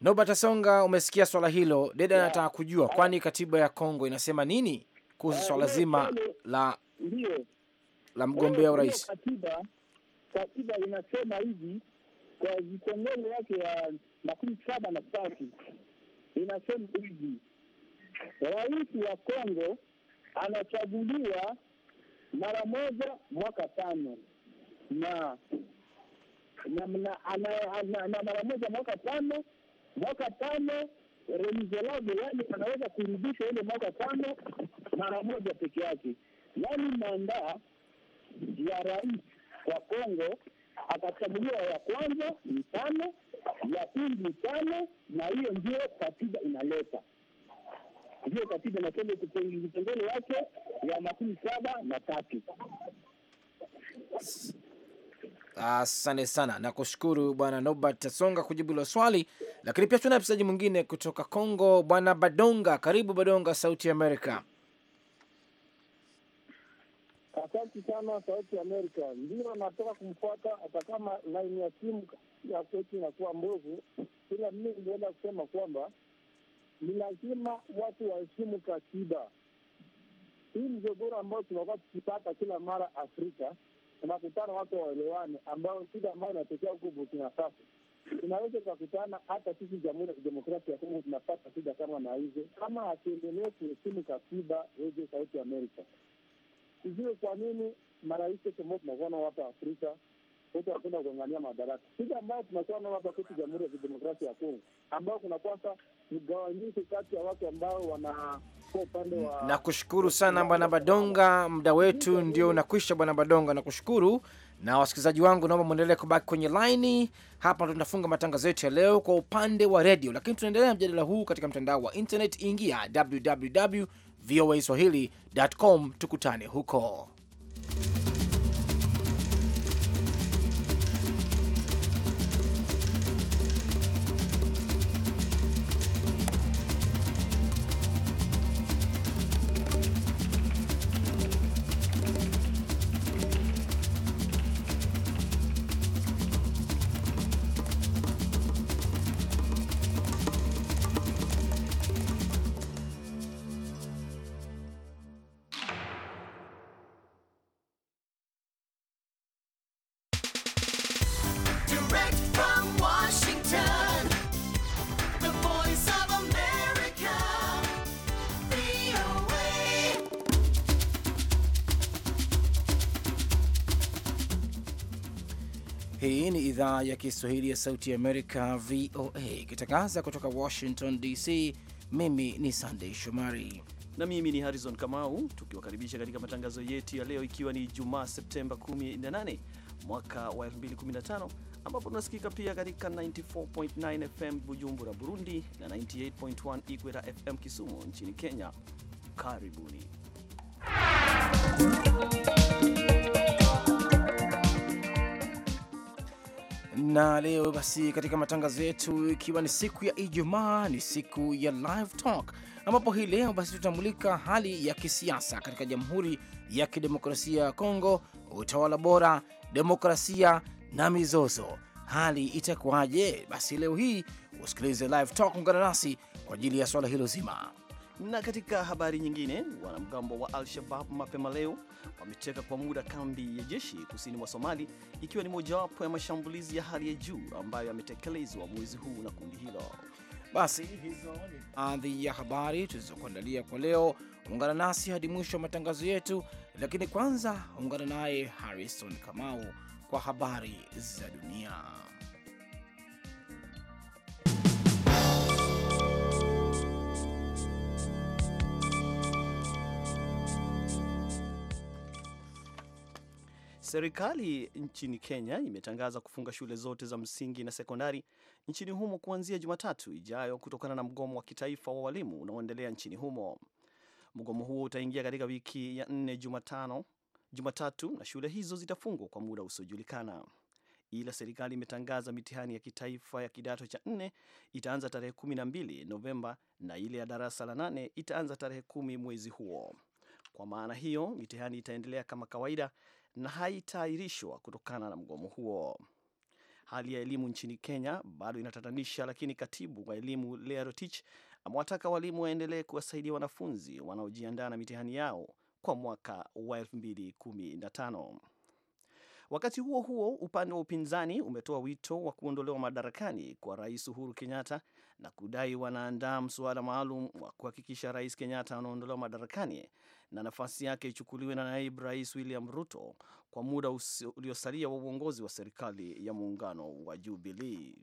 Nobata Songa, umesikia swala hilo. Dedan eh. anataka kujua kwani katiba ya Kongo inasema nini kuhusu swala zima la la mgombea urais. Katiba inasema hivi kwa vipengele wake ya makumi saba na tatu inasema hivi rais wa Kongo anachaguliwa mara moja mwaka tano na na, na, na, na, na mara moja mwaka tano mwaka tano remizelage, yani anaweza kurudisha ile mwaka tano mara moja peke yake. Yaani mandaa ya rais wa Kongo akachaguliwa ya kwanza ni tano, ya pili ni tano, na hiyo ndio katiba inaleta hiyo katiba inasema kipengele yake ya makumi saba na tatu. Asante ah, sana nakushukuru Bwana Nobert Tasonga kujibu hilo swali, lakini pia tuna mchezaji mwingine kutoka Kongo, Bwana Badonga. Karibu Badonga, Sauti ya Amerika. Asante sana Sauti ya Amerika. Ndio nataka kumfuata, hata kama laini ya simu ya kwetu inakuwa mbovu, ila mimi ningeenda kusema kwamba ni lazima watu waheshimu katiba. Hii mzogoro ambayo tunakuwa tukipata kila mara Afrika, tunakutana watu waelewane, ambayo shida ambayo inatokea huku Burkina Faso tunaweza tukakutana hata sisi Jamhuri ya Kidemokrasia ya Kongo tunapata shida kama na hizo, kama hatuendelee kuheshimu katiba. Redio Sauti Amerika, sijue kwa nini marais tunakuwa na wapa Afrika kwetu hakuna kuangania madaraka. Shida ambayo tunakuwa nao hapa kwetu Jamhuri ya Kidemokrasia ya Kongo, ambao kuna kwasa mgawanyiko kati ya watu ambao wana na kushukuru sana Bwana Badonga, muda wetu ndio unakwisha. Bwana Badonga, nakushukuru na wasikilizaji wangu, naomba mwendelee kubaki kwenye laini hapa, tunafunga matangazo yetu ya leo kwa upande wa redio, lakini tunaendelea mjadala huu katika mtandao wa internet. Ingia www voa swahili.com, tukutane huko. idhaa ya Kiswahili ya Sauti Amerika, VOA, ikitangaza kutoka Washington DC. Mimi ni Sandei Shomari na mimi ni Harrison Kamau, tukiwakaribisha katika matangazo yetu ya leo, ikiwa ni Jumaa Septemba 18 mwaka wa 2015 ambapo tunasikika pia katika 94.9 FM Bujumbura, Burundi na 98.1 Ikweta FM Kisumu nchini Kenya. Karibuni na leo basi katika matangazo yetu, ikiwa ni siku ya Ijumaa, ni siku ya live talk, ambapo hii leo basi tutamulika hali ya kisiasa katika Jamhuri ya Kidemokrasia ya Kongo, utawala bora, demokrasia na mizozo. Hali itakuwaje? Basi leo hii usikilize live talk, ungana nasi kwa ajili ya swala hilo zima. Na katika habari nyingine, wanamgambo wa Al-Shabab mapema leo wameteka kwa muda kambi ya jeshi kusini mwa Somali, ikiwa ni mojawapo ya mashambulizi ya hali ya juu ambayo yametekelezwa mwezi huu na kundi hilo. Basi hizo ni baadhi ya habari tulizokuandalia kwa leo. Ungana nasi hadi mwisho wa matangazo yetu, lakini kwanza ungana naye Harrison Kamau kwa habari za dunia. Serikali nchini Kenya imetangaza kufunga shule zote za msingi na sekondari nchini humo kuanzia Jumatatu ijayo kutokana na mgomo wa kitaifa wa walimu unaoendelea nchini humo. Mgomo huo utaingia katika wiki ya nne Jumatano, Jumatatu, na shule hizo zitafungwa kwa muda usiojulikana. Ila serikali imetangaza mitihani ya kitaifa ya kidato cha nne itaanza tarehe 12 Novemba na ile ya darasa la nane itaanza tarehe kumi mwezi huo. Kwa maana hiyo mitihani itaendelea kama kawaida na haitairishwa kutokana na mgomo huo. Hali ya elimu nchini Kenya bado inatatanisha, lakini katibu wa elimu Lea Rotich amewataka walimu waendelee kuwasaidia wanafunzi wanaojiandaa na mitihani yao kwa mwaka wa 2015. Wakati huo huo, upande wa upinzani umetoa wito wa kuondolewa madarakani kwa Rais Uhuru Kenyatta na kudai wanaandaa mswada maalum wa kuhakikisha Rais Kenyatta anaondolewa madarakani na nafasi yake ichukuliwe na naibu Rais William Ruto kwa muda uliosalia wa uongozi wa serikali ya muungano wa jubilii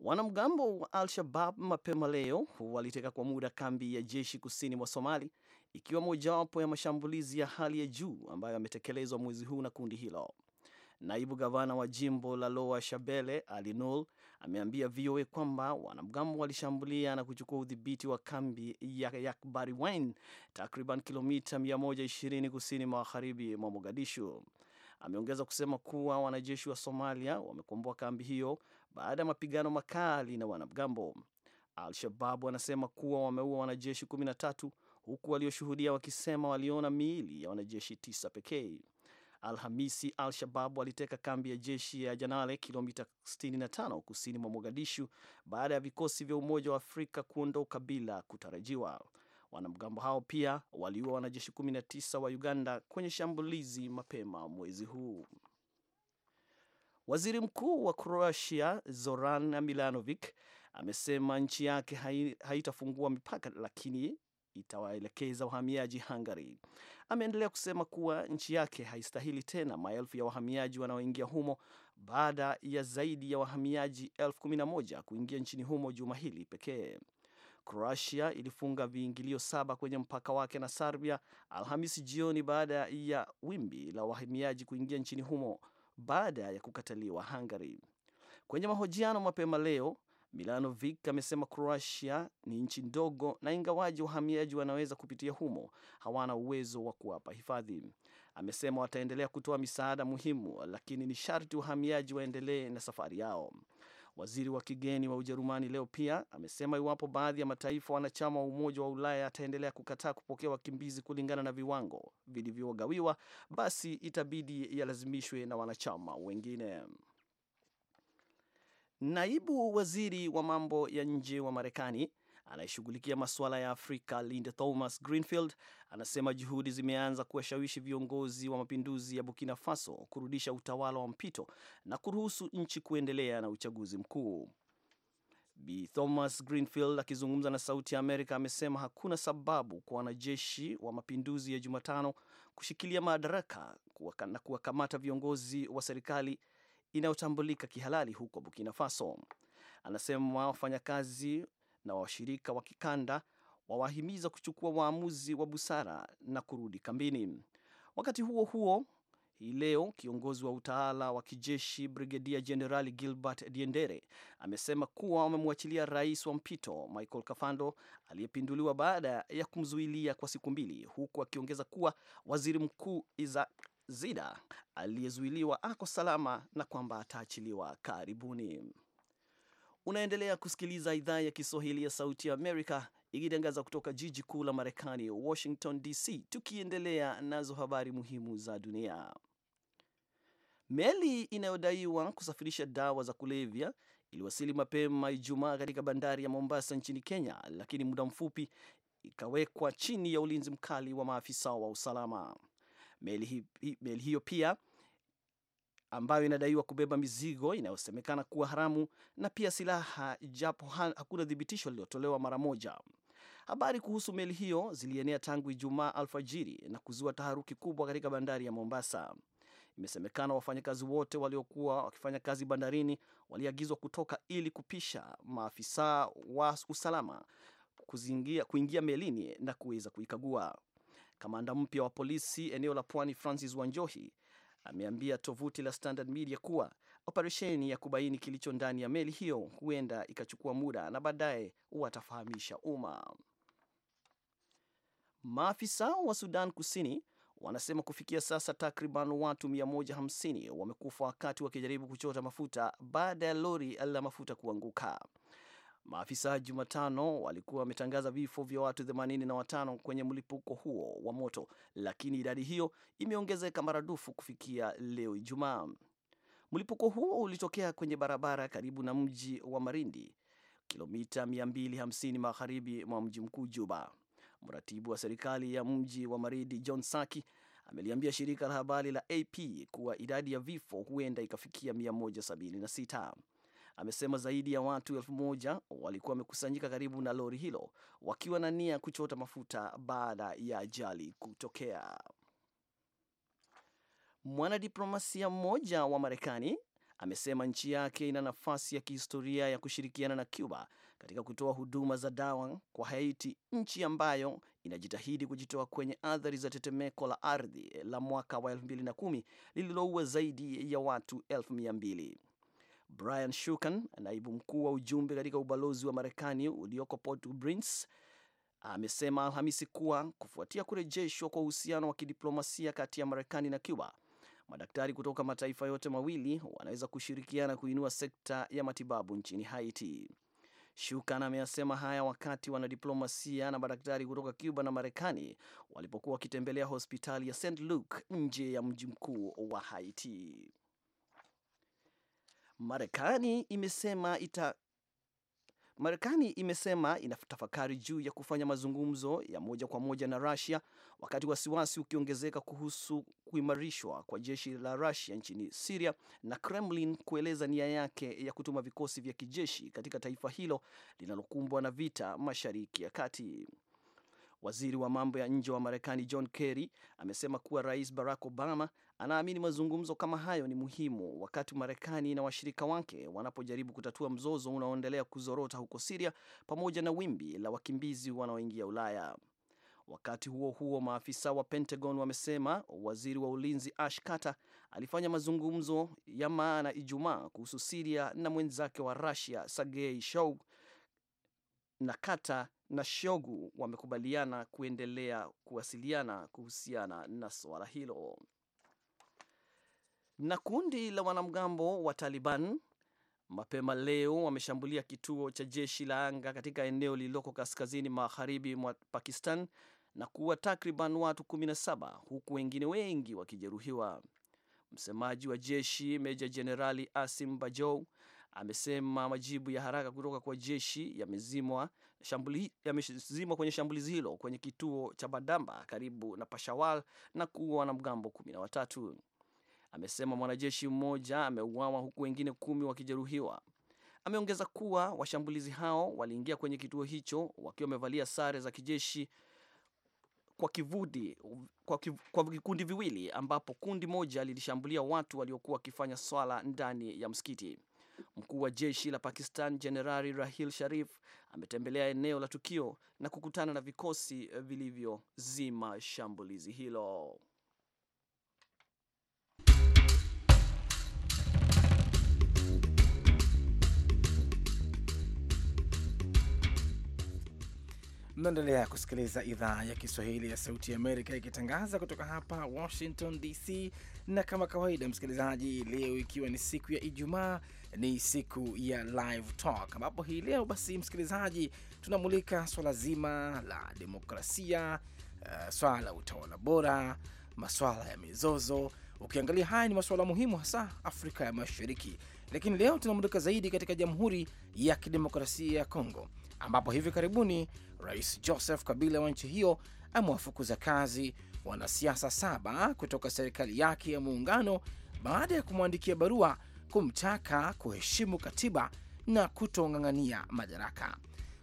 Wanamgambo wa Al-Shabab mapema leo waliteka kwa muda kambi ya jeshi kusini mwa Somali ikiwa mojawapo ya mashambulizi ya hali ya juu ambayo yametekelezwa mwezi huu na kundi hilo. Naibu gavana wa jimbo la Lower Shabelle Ali ameambia VOA kwamba wanamgambo walishambulia na kuchukua udhibiti wa kambi ya Wine takriban kilomita 120 kusini magharibi mwa Mogadishu. Ameongeza kusema kuwa wanajeshi wa Somalia wamekomboa kambi hiyo baada ya mapigano makali na wanamgambo. Al-Shabab wanasema kuwa wameua wanajeshi 13 huku walioshuhudia wakisema waliona miili ya wanajeshi tisa pekee. Alhamisi, Al-Shabab waliteka kambi ya jeshi ya Janale, kilomita 65 kusini mwa Mogadishu, baada ya vikosi vya Umoja wa Afrika kuondoka bila kutarajiwa. Wanamgambo hao pia waliua wanajeshi 19 wa Uganda kwenye shambulizi mapema mwezi huu. Waziri Mkuu wa Croatia Zoran Milanovic amesema nchi yake haitafungua mipaka, lakini itawaelekeza wahamiaji Hungary. Ameendelea kusema kuwa nchi yake haistahili tena maelfu ya wahamiaji wanaoingia humo baada ya zaidi ya wahamiaji elfu kumi na moja kuingia nchini humo juma hili pekee. Croatia ilifunga viingilio saba kwenye mpaka wake na Serbia Alhamisi jioni baada ya wimbi la wahamiaji kuingia nchini humo baada ya kukataliwa Hungary. Kwenye mahojiano mapema leo, Milanovic amesema Croatia ni nchi ndogo na ingawaji wahamiaji wanaweza kupitia humo hawana uwezo wa kuwapa hifadhi. Amesema wataendelea kutoa misaada muhimu, lakini ni sharti wahamiaji waendelee na safari yao. Waziri wa kigeni wa Ujerumani leo pia amesema iwapo baadhi ya mataifa wanachama wa Umoja wa Ulaya ataendelea kukataa kupokea wakimbizi kulingana na viwango vilivyogawiwa, basi itabidi yalazimishwe na wanachama wengine. Naibu waziri wa mambo ya nje wa Marekani anayeshughulikia masuala ya Afrika Linda Thomas Greenfield anasema juhudi zimeanza kuwashawishi viongozi wa mapinduzi ya Burkina Faso kurudisha utawala wa mpito na kuruhusu nchi kuendelea na uchaguzi mkuu. B Thomas Greenfield akizungumza na Sauti ya Amerika amesema hakuna sababu kwa wanajeshi wa mapinduzi ya Jumatano kushikilia madaraka na kuwakamata viongozi wa serikali inayotambulika kihalali huko Burkina Faso. Anasema wafanyakazi na washirika wa kikanda wawahimiza kuchukua waamuzi wa busara na kurudi kambini. Wakati huo huo, hii leo kiongozi wa utawala wa kijeshi Brigedia Jenerali Gilbert Diendere amesema kuwa wamemwachilia rais wa mpito Michael Kafando aliyepinduliwa baada ya kumzuilia kwa siku mbili, huku akiongeza kuwa waziri mkuu Isaac Zida aliyezuiliwa ako salama na kwamba ataachiliwa karibuni. Unaendelea kusikiliza idhaa ya Kiswahili ya Sauti ya Amerika ikitangaza kutoka jiji kuu la Marekani, Washington DC. Tukiendelea nazo habari muhimu za dunia, meli inayodaiwa kusafirisha dawa za kulevya iliwasili mapema Ijumaa katika bandari ya Mombasa nchini Kenya, lakini muda mfupi ikawekwa chini ya ulinzi mkali wa maafisa wa usalama. Meli, hi, meli hiyo pia ambayo inadaiwa kubeba mizigo inayosemekana kuwa haramu na pia silaha, japo hakuna thibitisho lililotolewa mara moja. Habari kuhusu meli hiyo zilienea tangu Ijumaa alfajiri na kuzua taharuki kubwa katika bandari ya Mombasa. Imesemekana wafanyakazi wote waliokuwa wakifanya kazi bandarini waliagizwa kutoka ili kupisha maafisa wa usalama kuingia melini na kuweza kuikagua. Kamanda mpya wa polisi eneo la pwani Francis Wanjohi ameambia tovuti la Standard Media kuwa operesheni ya kubaini kilicho ndani ya meli hiyo huenda ikachukua muda na baadaye watafahamisha umma. Maafisa wa Sudan Kusini wanasema kufikia sasa takriban watu 150 wamekufa wakati wakijaribu kuchota mafuta baada ya lori la mafuta kuanguka. Maafisa Jumatano walikuwa wametangaza vifo vya watu 85 kwenye mlipuko huo wa moto, lakini idadi hiyo imeongezeka maradufu kufikia leo Ijumaa. Mlipuko huo ulitokea kwenye barabara karibu na mji wa Marindi, kilomita 250 magharibi mwa mji mkuu Juba. Mratibu wa serikali ya mji wa Marindi, John Saki, ameliambia shirika la habari la AP kuwa idadi ya vifo huenda ikafikia 176 amesema zaidi ya watu elfu moja walikuwa wamekusanyika karibu na lori hilo wakiwa na nia kuchota mafuta baada ya ajali kutokea. Mwanadiplomasia mmoja wa Marekani amesema nchi yake ina nafasi ya kihistoria ya kushirikiana na Cuba katika kutoa huduma za dawa kwa Haiti, nchi ambayo inajitahidi kujitoa kwenye athari za tetemeko la ardhi la mwaka wa 2010 lililoua zaidi ya watu 200. Brian Shukan, naibu mkuu wa ujumbe katika ubalozi wa Marekani ulioko Port au Prince, amesema Alhamisi kuwa kufuatia kurejeshwa kwa uhusiano wa kidiplomasia kati ya Marekani na Cuba, madaktari kutoka mataifa yote mawili wanaweza kushirikiana kuinua sekta ya matibabu nchini Haiti. Shukan ameyasema haya wakati wanadiplomasia na madaktari kutoka Cuba na Marekani walipokuwa wakitembelea hospitali ya St Luke nje ya mji mkuu wa Haiti. Marekani imesema ita Marekani imesema inatafakari juu ya kufanya mazungumzo ya moja kwa moja na Russia wakati wasiwasi ukiongezeka kuhusu kuimarishwa kwa jeshi la Russia nchini Syria na Kremlin kueleza nia yake ya kutuma vikosi vya kijeshi katika taifa hilo linalokumbwa na vita Mashariki ya Kati. Waziri wa mambo ya nje wa Marekani John Kerry amesema kuwa Rais Barack Obama Anaamini mazungumzo kama hayo ni muhimu wakati Marekani na washirika wake wanapojaribu kutatua mzozo unaoendelea kuzorota huko Siria pamoja na wimbi la wakimbizi wanaoingia Ulaya. Wakati huo huo, maafisa wa Pentagon wamesema waziri wa ulinzi Ash Carter alifanya mazungumzo ya maana Ijumaa kuhusu Siria na mwenzake wa Rusia Sergei Shoigu, na Carter na Shoigu wamekubaliana kuendelea kuwasiliana kuhusiana na suala hilo. Na kundi la wanamgambo wa Taliban mapema leo wameshambulia kituo cha jeshi la anga katika eneo lililoko kaskazini magharibi mwa Pakistan na kuua takriban watu 17 huku wengine wengi wakijeruhiwa. Msemaji wa jeshi Meja Jenerali Asim Bajou amesema majibu ya haraka kutoka kwa jeshi yamezimwa yamezimwa kwenye shambulizi hilo kwenye kituo cha Badamba karibu na Peshawar na kuua wanamgambo 13 amesema mwanajeshi mmoja ameuawa huku wengine kumi wakijeruhiwa. Ameongeza kuwa washambulizi hao waliingia kwenye kituo hicho wakiwa wamevalia sare za kijeshi kwa kivudi, kwa, kiv, kwa vikundi viwili ambapo kundi moja lilishambulia watu waliokuwa wakifanya swala ndani ya msikiti. Mkuu wa jeshi la Pakistan Jenerali Rahil Sharif ametembelea eneo la tukio na kukutana na vikosi vilivyozima shambulizi hilo. Mnaendelea kusikiliza idhaa ya Kiswahili ya Sauti ya Amerika ikitangaza kutoka hapa Washington DC, na kama kawaida, msikilizaji, leo ikiwa ni siku ya Ijumaa, ni siku ya Live Talk, ambapo hii leo basi, msikilizaji, tunamulika swala zima la demokrasia, uh, swala la utawala bora, maswala ya mizozo. Ukiangalia haya ni masuala muhimu hasa Afrika ya Mashariki, lakini leo tunamulika zaidi katika Jamhuri ya Kidemokrasia ya Kongo ambapo hivi karibuni Rais Joseph Kabila wa nchi hiyo amewafukuza kazi wanasiasa saba kutoka serikali yake ya muungano baada ya kumwandikia barua kumtaka kuheshimu katiba na kutong'ang'ania madaraka.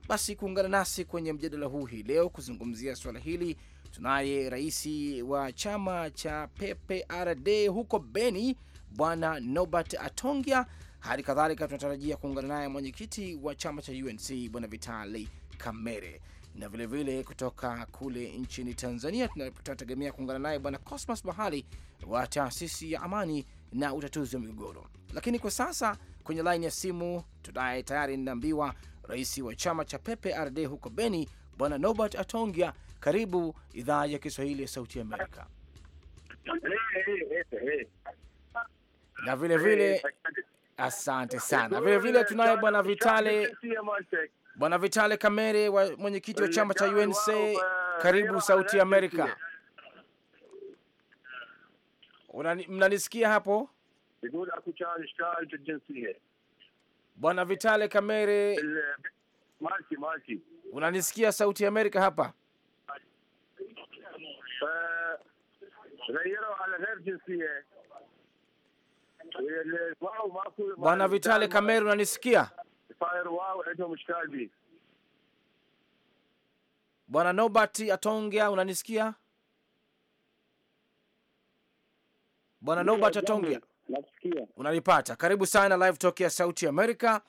Basi kuungana nasi kwenye mjadala huu hii leo kuzungumzia suala hili tunaye rais wa chama cha PPRD huko Beni, Bwana Nobert Atongia. Hali kadhalika tunatarajia kuungana naye mwenyekiti wa chama cha UNC Bwana Vitali Kamere na vilevile vile kutoka kule nchini Tanzania tunategemea kuungana naye Bwana Cosmas Bahali wa taasisi ya amani na utatuzi wa migogoro. Lakini kwa sasa kwenye laini ya simu tunaye tayari ninaambiwa rais wa chama cha Pepe RD huko Beni, Bwana Norbert Atongia. Karibu idhaa ya Kiswahili ya Sauti ya Amerika. Na vilevile vile, asante sana. Vilevile tunaye Bwana Vitale Bwana Vitale Kamere wa mwenyekiti wa chama cha UNC, karibu Sauti ya Amerika. Mnanisikia hapo? Bwana Vitale Kamere, unanisikia Sauti ya Amerika hapa? Eh, Bwana Vitale Kamere, unanisikia? mpayarwao naitwa mshikaji Bwana Nobert Atongea, unanisikia Bwana Nobert Atongea? Nasikia. Unalipata. Karibu sana Live Talk ya Sauti Amerika.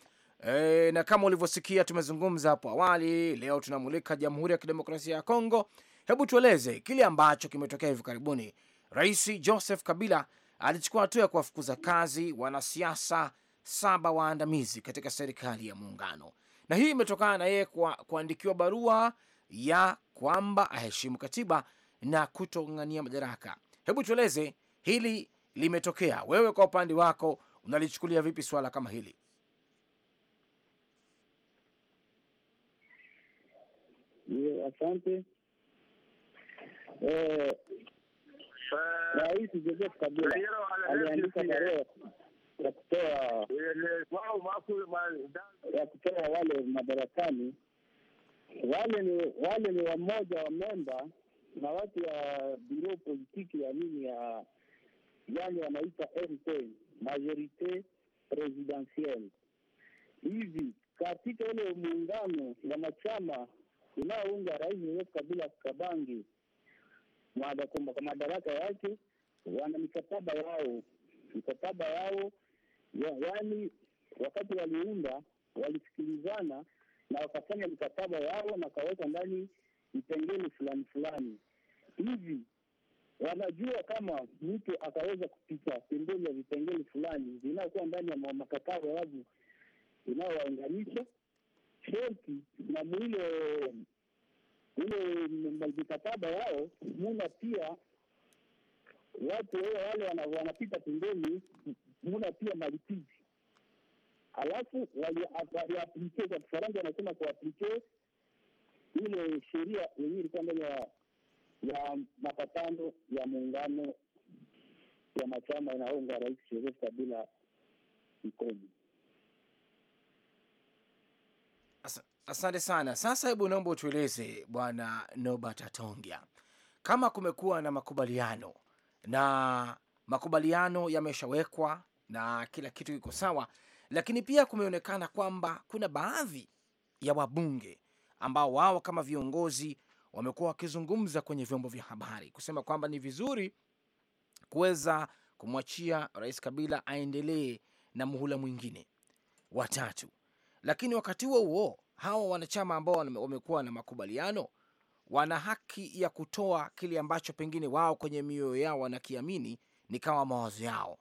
E, na kama ulivyosikia tumezungumza hapo awali, leo tunamulika Jamhuri ya Kidemokrasia ya Kongo. Hebu tueleze kile ambacho kimetokea hivi karibuni. Rais Joseph Kabila alichukua hatua ya kuwafukuza kazi wanasiasa saba waandamizi katika serikali ya muungano, na hii imetokana na yeye kuandikiwa barua ya kwamba aheshimu katiba na kutong'ania madaraka. Hebu tueleze hili limetokea, wewe kwa upande wako unalichukulia vipi swala kama hili? Asante. Eh, Rais Joseph Kabila aliandika barua ya kutoa ya kutoa wale madarakani wale ni wale ni wamoja wa memba na watu ya biro politiki ya nini ya yani wanaita MP majorite presidentiel Hivi katika ile muungano ya machama unaounga rais Joseph Kabila Kabangi kwa madaraka yake, wana mikataba yao, mikataba yao ya, yaani wakati waliunda walisikilizana na wakafanya mikataba yao na kaweka ndani vipengele fulani fulani hivi wanajua kama mtu akaweza kupita pembeni ya vipengele fulani vinaokuwa ndani ya makataba yavu inayowaunganisha sherti na mwile ile mikataba yao muna pia watu wale wanapita pembeni muna pia malipizi, alafu waliaplike kwa Kifaransa wanasema kuaplike ile sheria yenyewe ilikuwa ndani ya ya mapatano ya muungano ya machama inaonga Rais Joseph Kabila mkono. Asante sana. Sasa hebu naomba utueleze Bwana Nobert Atongia, kama kumekuwa na makubaliano na makubaliano yameshawekwa na kila kitu kiko sawa, lakini pia kumeonekana kwamba kuna baadhi ya wabunge ambao wao kama viongozi wamekuwa wakizungumza kwenye vyombo vya habari kusema kwamba ni vizuri kuweza kumwachia Rais Kabila aendelee na muhula mwingine watatu, lakini wakati huo huo hawa wanachama ambao wamekuwa na makubaliano wana haki ya kutoa kile ambacho pengine wao kwenye mioyo yao wanakiamini ni kama mawazo yao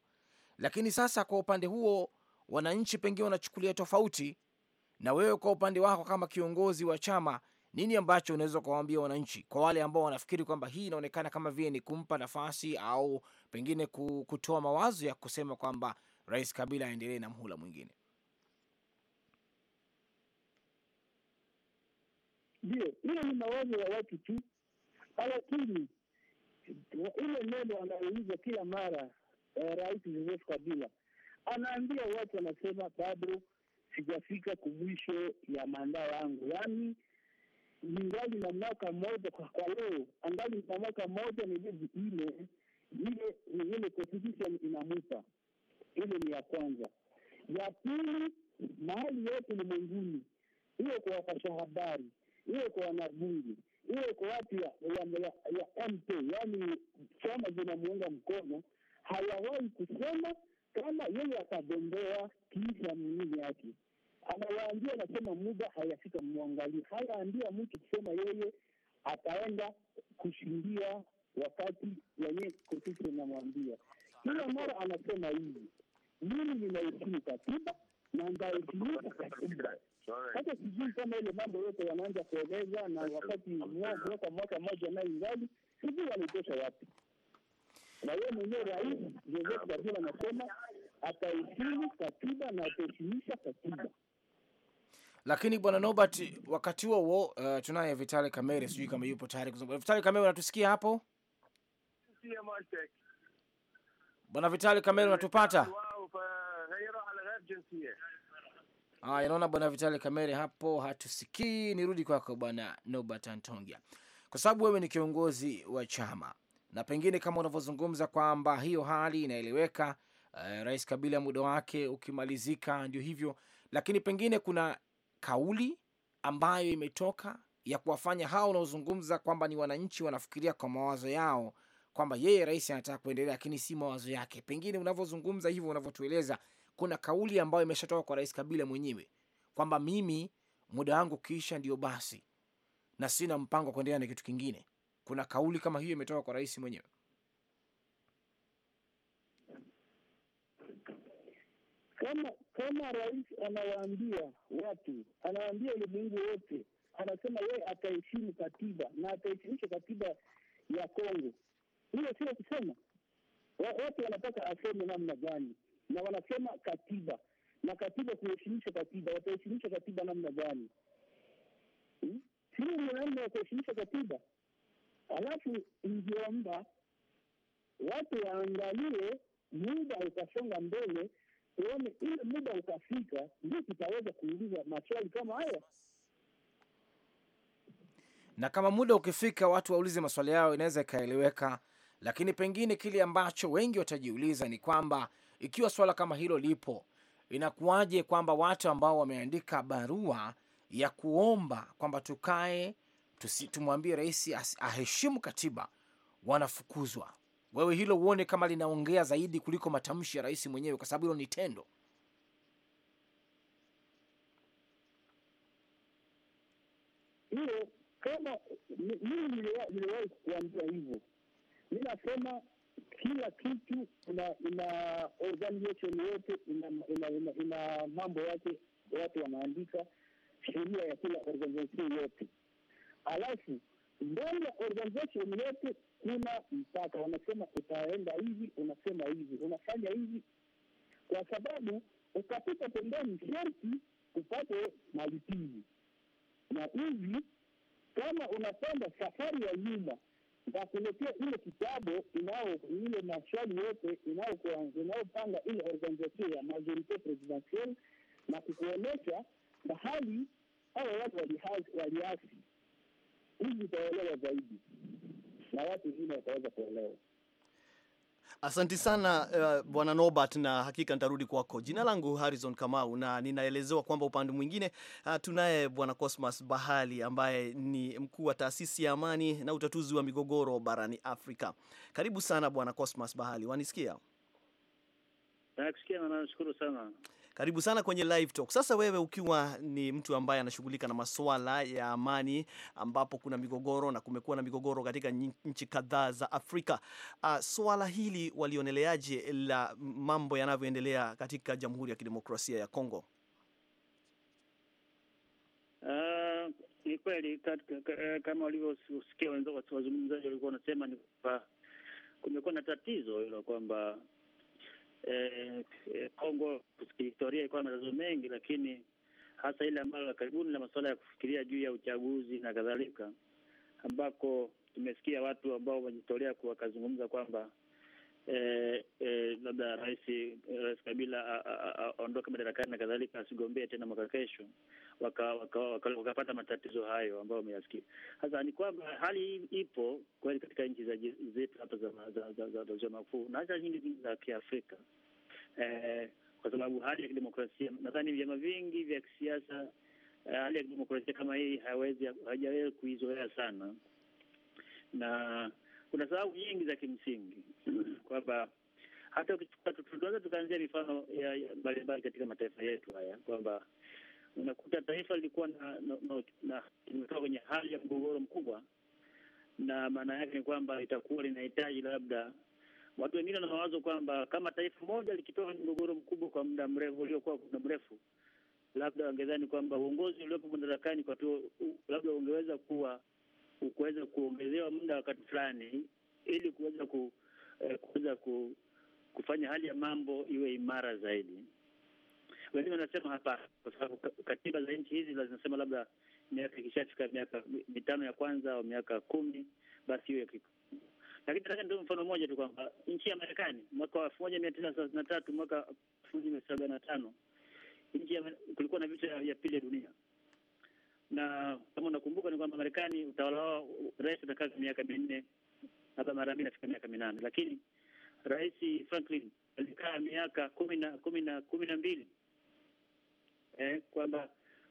lakini sasa kwa upande huo wananchi pengine wanachukulia tofauti, na wewe kwa upande wako kama kiongozi wa chama, nini ambacho unaweza ukawaambia wananchi, kwa wale ambao wanafikiri kwamba hii inaonekana kama vile ni kumpa nafasi au pengine kutoa mawazo ya kusema kwamba Rais Kabila aendelee na mhula mwingine? Ndio, hiyo ni maoni ya watu tu, lakini ile neno anayouliza kila mara eh, Rais Joseph Kabila anaambia watu, anasema bado sijafika kumwisho ya mandao yangu, yaani ningali na mwaka mmoja kwa, kwa leo angali na mwaka mmoja ni miezi ile ile ile constitution inamupa. Ile ni ya kwanza. Ya pili, mahali yote ulimwenguni, hiyo kwa wapasha habari, hiyo kwa wanabunge, hiyo kwa watu ya, ya, ya, ya MP, yaani chama zinamuunga mkono hayawahi kusema kama yeye atagombea kiisha muumini yake. Anawaambia, anasema muda hayafika, mwangalie. Hayaambia mtu kusema yeye ataenda kushindia wakati wenye kotisi inamwambia. Kila mara anasema hivi, mimi ninaheshimu katiba na nitaheshimisha katiba. Sasa sijui kama ile mambo yote wanaanza kueleza na wakati mwaka mwaka mmoja nayo ngali, sijui wanaitosha wapi na yeye mwenyewe rais Joseph Kabila anasema ataheshimu katiba na ataheshimisha katiba. Lakini bwana Nobert, wakati huo huo, uh, tunaye Vitali Kamere, sijui kama yupo tayari kuzungumza. Vitali Kamere, unatusikia hapo? Bwana Vitali Kamere, unatupata? Uh, Haya, naona bwana Vitali Kamere hapo hatusikii. Nirudi kwako bwana Nobert Antongia, kwa sababu wewe ni kiongozi wa chama na pengine kama unavyozungumza kwamba hiyo hali inaeleweka. Uh, Rais Kabila muda wake ukimalizika ndio hivyo, lakini pengine kuna kauli ambayo imetoka ya kuwafanya hao wanaozungumza kwamba ni wananchi wanafikiria kwa mawazo yao kwamba yeye rais anataka kuendelea, lakini si mawazo yake. Pengine unavyozungumza hivyo, unavyotueleza, kuna kauli ambayo imeshatoka kwa Rais Kabila mwenyewe kwamba mimi muda wangu kiisha, ndio basi, na sina mpango wa kuendelea na kitu kingine. Kuna kauli kama hiyo imetoka kwa rais mwenyewe? Kama kama rais anawaambia watu, anawaambia ulimwengu wote, anasema yeye ataheshimu katiba na ataheshimisha katiba ya Kongo, hiyo sio kusema. Watu wanataka aseme namna gani? Na wanasema katiba na katiba, kuheshimisha katiba, wataheshimisha katiba namna gani? Hmm? Sio namna ya kuheshimisha katiba. Halafu ingiomba watu waangalie muda ukasonga mbele, tuone ile muda ukafika ndio tutaweza kuuliza maswali kama haya, na kama muda ukifika watu waulize maswali yao, inaweza ikaeleweka. Lakini pengine kile ambacho wengi watajiuliza ni kwamba ikiwa swala kama hilo lipo, inakuwaje kwamba watu ambao wameandika barua ya kuomba kwamba tukae tumwambie rais aheshimu katiba, wanafukuzwa. Wewe hilo uone kama linaongea zaidi kuliko matamshi ya rais mwenyewe, kwa sababu hilo ni tendo. Hiyo kama mimi niliwahi kuambia hivyo, ninasema kila kitu ina ina organization yote ina mambo yake, watu wanaandika sheria ya kila organization yote Alafu ndani ya organization yote kuna mpaka, wanasema utaenda hivi, unasema hivi, unafanya hivi, kwa sababu ukapita pembeni sharti upate malipizi. Na hivi kama unapenda safari ya nyuma nitakuletea ile kitabu inao ile maswali yote inayopanga ile organization ya majorite presidentielle na kukuonyesha mahali hawa watu waliasi hizi itaelewa zaidi na watu wengine wataweza kuelewa. Asanti sana uh, Bwana Norbert, na hakika nitarudi kwako. Jina langu Harrison Kamau, na ninaelezewa kwamba upande mwingine uh, tunaye Bwana Cosmas Bahali ambaye ni mkuu wa taasisi ya amani na utatuzi wa migogoro barani Afrika. Karibu sana Bwana Cosmas Bahali, wanisikia? Nakusikia na nashukuru sana. Karibu sana kwenye live talk. Sasa wewe ukiwa ni mtu ambaye anashughulika na masuala ya amani, ambapo kuna migogoro na kumekuwa na migogoro katika nchi kadhaa za Afrika, uh, swala hili walioneleaje la mambo yanavyoendelea katika Jamhuri ya Kidemokrasia ya Kongo? Uh, ni kweli kama walivyosikia wenzao wazungumzaji walikuwa wanasema ni kwamba kumekuwa na tatizo hilo kwamba Eh, eh, Kongo eh, kihistoria ilikuwa na matatizo mengi, lakini hasa ile ambalo la karibuni la masuala ya kufikiria juu ya uchaguzi na kadhalika, ambako tumesikia watu ambao wamejitolea wakazungumza kwamba eh, eh, labda rais eh, Rais Kabila aondoke madarakani na kadhalika, asigombee tena mwaka kesho wakapata waka, waka, waka matatizo hayo ambayo wameyasikia. Sasa ni kwamba hali ipo kweli katika nchi zetu hapa za maziwa makuu na hata nyingi za Kiafrika eh, kwa sababu hali ya kidemokrasia, nadhani vyama vingi vya kisiasa eh, hali ya kidemokrasia kama hii hajawezi kuizoea sana, na kuna sababu nyingi za kimsingi kwamba hata tunaweza tukaanzia mifano mbalimbali katika mataifa yetu haya kwamba unakuta taifa lilikuwa na limetoka kwenye hali ya mgogoro mkubwa, na maana yake ni kwamba litakuwa linahitaji labda watu wengine wana mawazo kwamba kama taifa moja likitoka kwenye mgogoro mkubwa kwa muda mrefu uliokuwa muda mrefu, labda wangezani kwamba uongozi uliopo madarakani kwa tu labda ungeweza kuwa kuweza kuongezewa muda wakati fulani ili kuweza ku, eh, kuweza ku, kufanya hali ya mambo iwe imara zaidi wengine wanasema hapana, kwa sababu katiba za nchi hizi zinasema labda miaka ikishafika miaka mitano ya kwanza au miaka kumi basi hiyo lakini nataka ndio mfano mmoja tu kwamba nchi ya Marekani mwaka wa elfu moja mia tisa thelathini na tatu mwaka elfu moja mia tisa sabini na tano nchi kulikuwa na vita ya pili ya dunia, na kama unakumbuka ni kwamba Marekani utawala wao rais utakaa miaka minne labda mara mbili nafika miaka minane, lakini rais Franklin alikaa miaka kumi na kumi na kumi na mbili eh, kwamba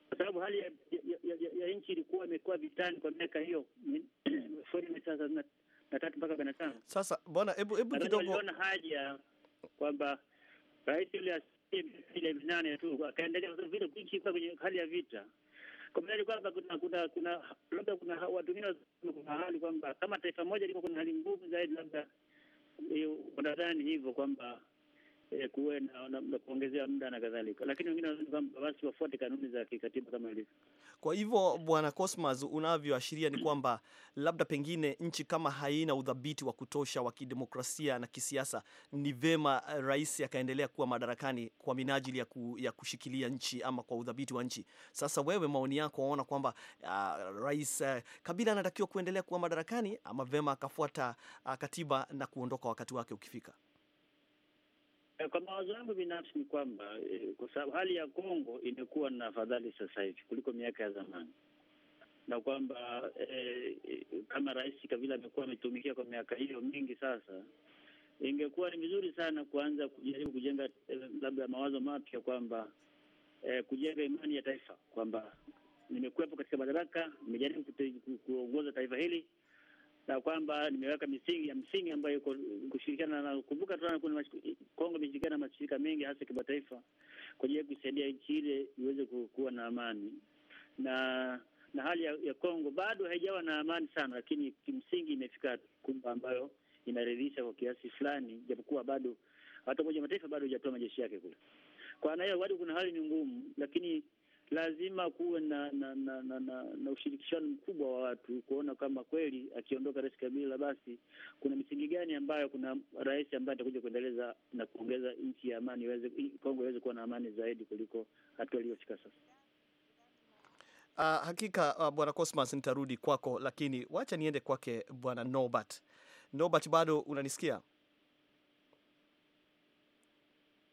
kwa sababu hali ya, ya, ya, ya ya nchi ilikuwa imekuwa vitani kwa miaka hiyo thelathini na tatu mpaka arobaini na tano. Sasa bwana, hebu hebu kidogo, aliona haja kwamba rais yule asiye nane tu akaendelea vile nchi kwenye hali ya vita kamali kwamba kuna kuna kuna labda kuna watu wengine kuna hali kwamba kama taifa moja liko kuna hali ngumu zaidi, labda wanadhani eh, hivyo kwamba eh, kuwe na, na, na kuongezea muda na kadhalika, lakini wengine wanasema kwamba basi wafuate kanuni za kikatiba kama ilivyo. Kwa hivyo Bwana Cosmas, unavyoashiria ni kwamba labda pengine nchi kama haina udhabiti wa kutosha wa kidemokrasia na kisiasa, ni vema eh, rais akaendelea kuwa madarakani kwa minajili ya, ku, ya kushikilia nchi ama kwa udhabiti wa nchi. Sasa wewe, maoni yako, waona kwamba uh, rais uh, Kabila anatakiwa kuendelea kuwa madarakani ama vema akafuata uh, katiba na kuondoka wakati wake ukifika? Eh, kwa mawazo yangu binafsi ni kwamba eh, kwa sababu hali ya Kongo imekuwa na afadhali sasa hivi kuliko miaka ya zamani, na kwamba eh, kama rais Kabila amekuwa ametumikia kwa miaka hiyo mingi sasa, ingekuwa ni vizuri sana kuanza kujaribu kujenga eh, labda mawazo mapya kwamba eh, kujenga imani ya taifa kwamba nimekuwepo katika madaraka, nimejaribu kuongoza taifa hili na kwamba nimeweka misingi ya msingi ambayo iko kushirikiana na kumbuka, tuna Kongo imeshirikiana na mashirika mengi hasa kimataifa kwa ajili ya kusaidia nchi ile iweze kuwa na amani na na hali ya, ya Kongo bado haijawa na amani sana, lakini kimsingi imefika kumba ambayo inaridhisha kwa kiasi fulani, japokuwa bado hata Umoja wa Mataifa bado hajatoa majeshi yake kule. Kwa hiyo bado kuna hali ni ngumu, lakini lazima kuwe na na, na, na, na, na ushirikishano mkubwa wa watu kuona kama kweli akiondoka Rais Kabila, basi kuna misingi gani ambayo kuna rais ambaye atakuja kuendeleza na kuongeza nchi ya amani iweze, Kongo iweze kuwa na amani zaidi kuliko hatua iliyofika sasa. Uh, hakika uh, Bwana Cosmas nitarudi kwako, lakini wacha niende kwake Bwana Norbert. Norbert, bado unanisikia?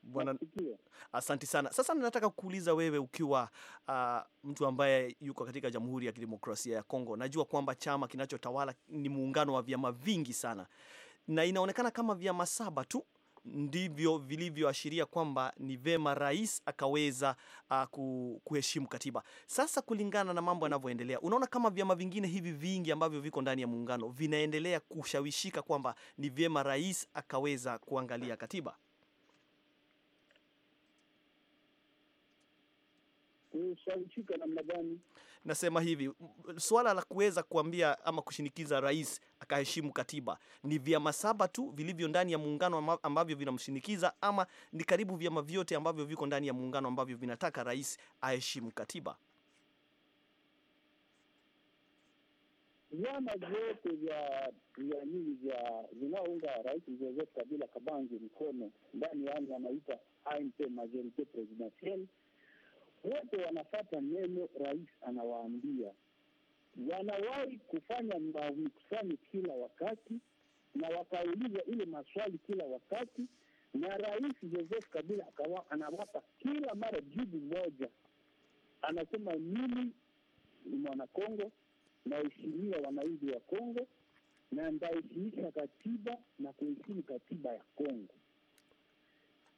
Bwana, asante sana. Sasa nataka kuuliza wewe, ukiwa uh, mtu ambaye yuko katika Jamhuri ya Kidemokrasia ya Kongo, najua kwamba chama kinachotawala ni muungano wa vyama vingi sana, na inaonekana kama vyama saba tu ndivyo vilivyoashiria kwamba ni vema rais akaweza uh, kuheshimu katiba. Sasa kulingana na mambo yanavyoendelea, unaona kama vyama vingine hivi vingi ambavyo viko ndani ya muungano vinaendelea kushawishika kwamba ni vyema rais akaweza kuangalia katiba. kushawishika namna gani? Nasema hivi, swala la kuweza kuambia ama kushinikiza rais akaheshimu katiba ni vyama saba tu vilivyo ndani ya muungano ambavyo vinamshinikiza, ama ni karibu vyama vyote ambavyo viko ndani ya muungano ambavyo vinataka rais aheshimu katiba. Vyama vyote vya vya nini vya vinaounga rais Joseph Kabila Kabange mkono ndani yani, anaita AMP majorite presidentielle wote wanafata neno rais anawaambia. Wanawahi kufanya mikusanyo kila wakati na wakaulizwa ile maswali kila wakati, na rais Joseph Kabila akawa anawapa kila mara jibu moja, anasema mimi ni Mwanakongo, naheshimia wananchi wa Kongo na nitaheshimisha katiba na kuheshimu katiba ya Kongo.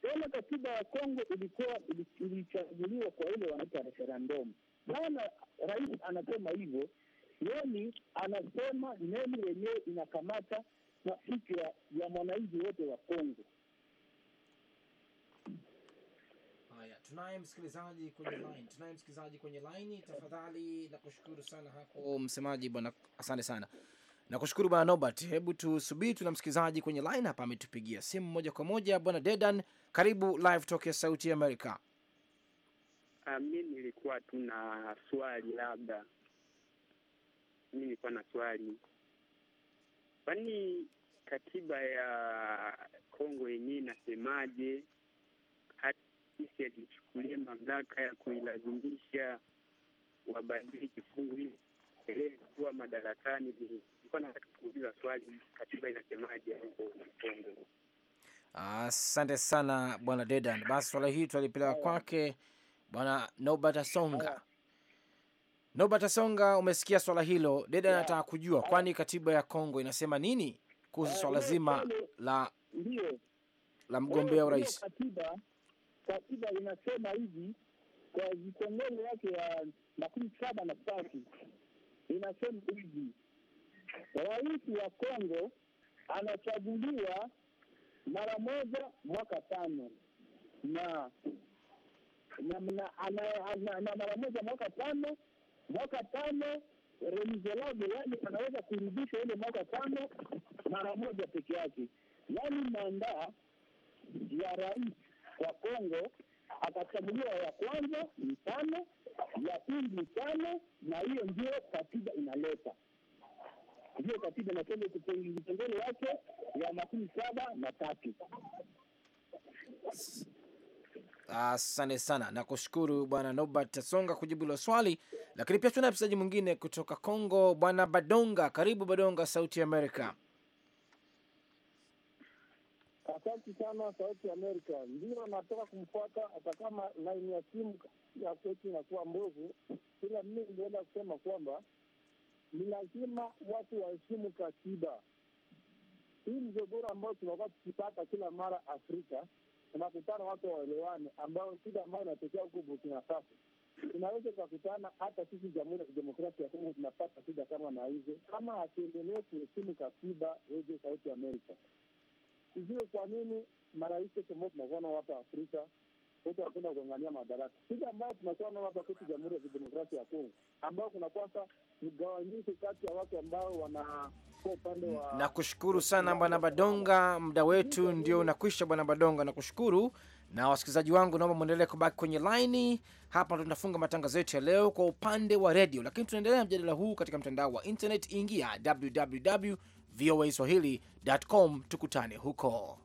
Ile katiba ya Kongo ilikuwa ilichaguliwa kwa ile wanaita referendum. Bwana rais anasema hivyo, yani anasema neno yenyewe inakamata na fikira ya mwananchi wote wa Kongo. Haya, tunaye msikilizaji kwenye line, tunaye msikilizaji kwenye line. Tafadhali nakushukuru sana hapo msemaji bwana, asante sana. Nakushukuru bwana Nobert. Hebu tusubiri, tuna msikilizaji kwenye line hapa, ametupigia simu moja kwa moja. Bwana Dedan karibu live talk ya Sauti ya Amerika. Ah, mi nilikuwa tu na swali, labda mi nilikuwa na swali, kwani katiba ya Kongo yenyewe inasemaje hata sisi alichukulia mamlaka ya kuilazimisha wabadili kifungu hili elee kuwa madarakani? Nilikuwa nataka kuuliza swali, katiba inasemaje huko Kongo? Asante sana bwana Dedan. Basi swala hili tualipelewa kwake bwana nobat asonga Nobata asonga umesikia swala hilo Dedan anataka kujua, kwani katiba ya Kongo inasema nini kuhusu eh, swala zima la la mgombea urais. Katiba, katiba inasema hivi kwa vipengele wake ya makumi saba na tatu inasema hivi, rais wa Kongo anachaguliwa mara moja mwaka tano na na, na, na, na, na mara moja mwaka tano mwaka tano remizo yani anaweza kurudisha ile mwaka tano mara moja peke yake. Yaani mandaa ya rais wa Kongo akachaguliwa ya kwanza ni tano, ya pili ni tano, na hiyo ndio katiba inaleta hiyo katiba inasema kipengele wake ya makumi saba na tatu. Asante sana nakushukuru Bwana Nobert Tasonga kujibu hilo swali, lakini pia tuna mchezaji mwingine kutoka Kongo, Bwana Badonga. Karibu Badonga, Sauti ya Amerika. Asante sana Sauti ya Amerika. Ndio natoka kumfuata, hata kama laini ya simu ya kwetu inakuwa mbovu, ila mimi nilienda kusema kwamba ni lazima watu waheshimu katiba. Hii mzogoro ambayo tunakuwa tukipata kila mara Afrika, tunakutana watu waelewane, ambayo shida ambayo inatokea huko Burkina Faso tunaweza tukakutana hata sisi Jamhuri ya Kidemokrasia ya Kongo tunapata shida kama na hizo, kama hatuendelee kuheshimu katiba. Redio Sauti Amerika, sijue kwa nini marais ambao tunakuwa nao hapa Afrika wote wakenda kuangania madaraka. Sisi ambayo tunakuwa nao hapa kwetu Jamhuri ya Kidemokrasia ya Kongo, ambao kuna kwasa mgawanyiko kati ya watu ambao wana na kushukuru sana Bwana Badonga, muda wetu ndio unakwisha. Bwana Badonga, nakushukuru na wasikilizaji wangu, naomba mwendelee kubaki kwenye laini hapa, ndo tunafunga matangazo yetu ya leo kwa upande wa redio, lakini tunaendelea mjadala huu katika mtandao wa internet. Ingia www voa swahili.com, tukutane huko.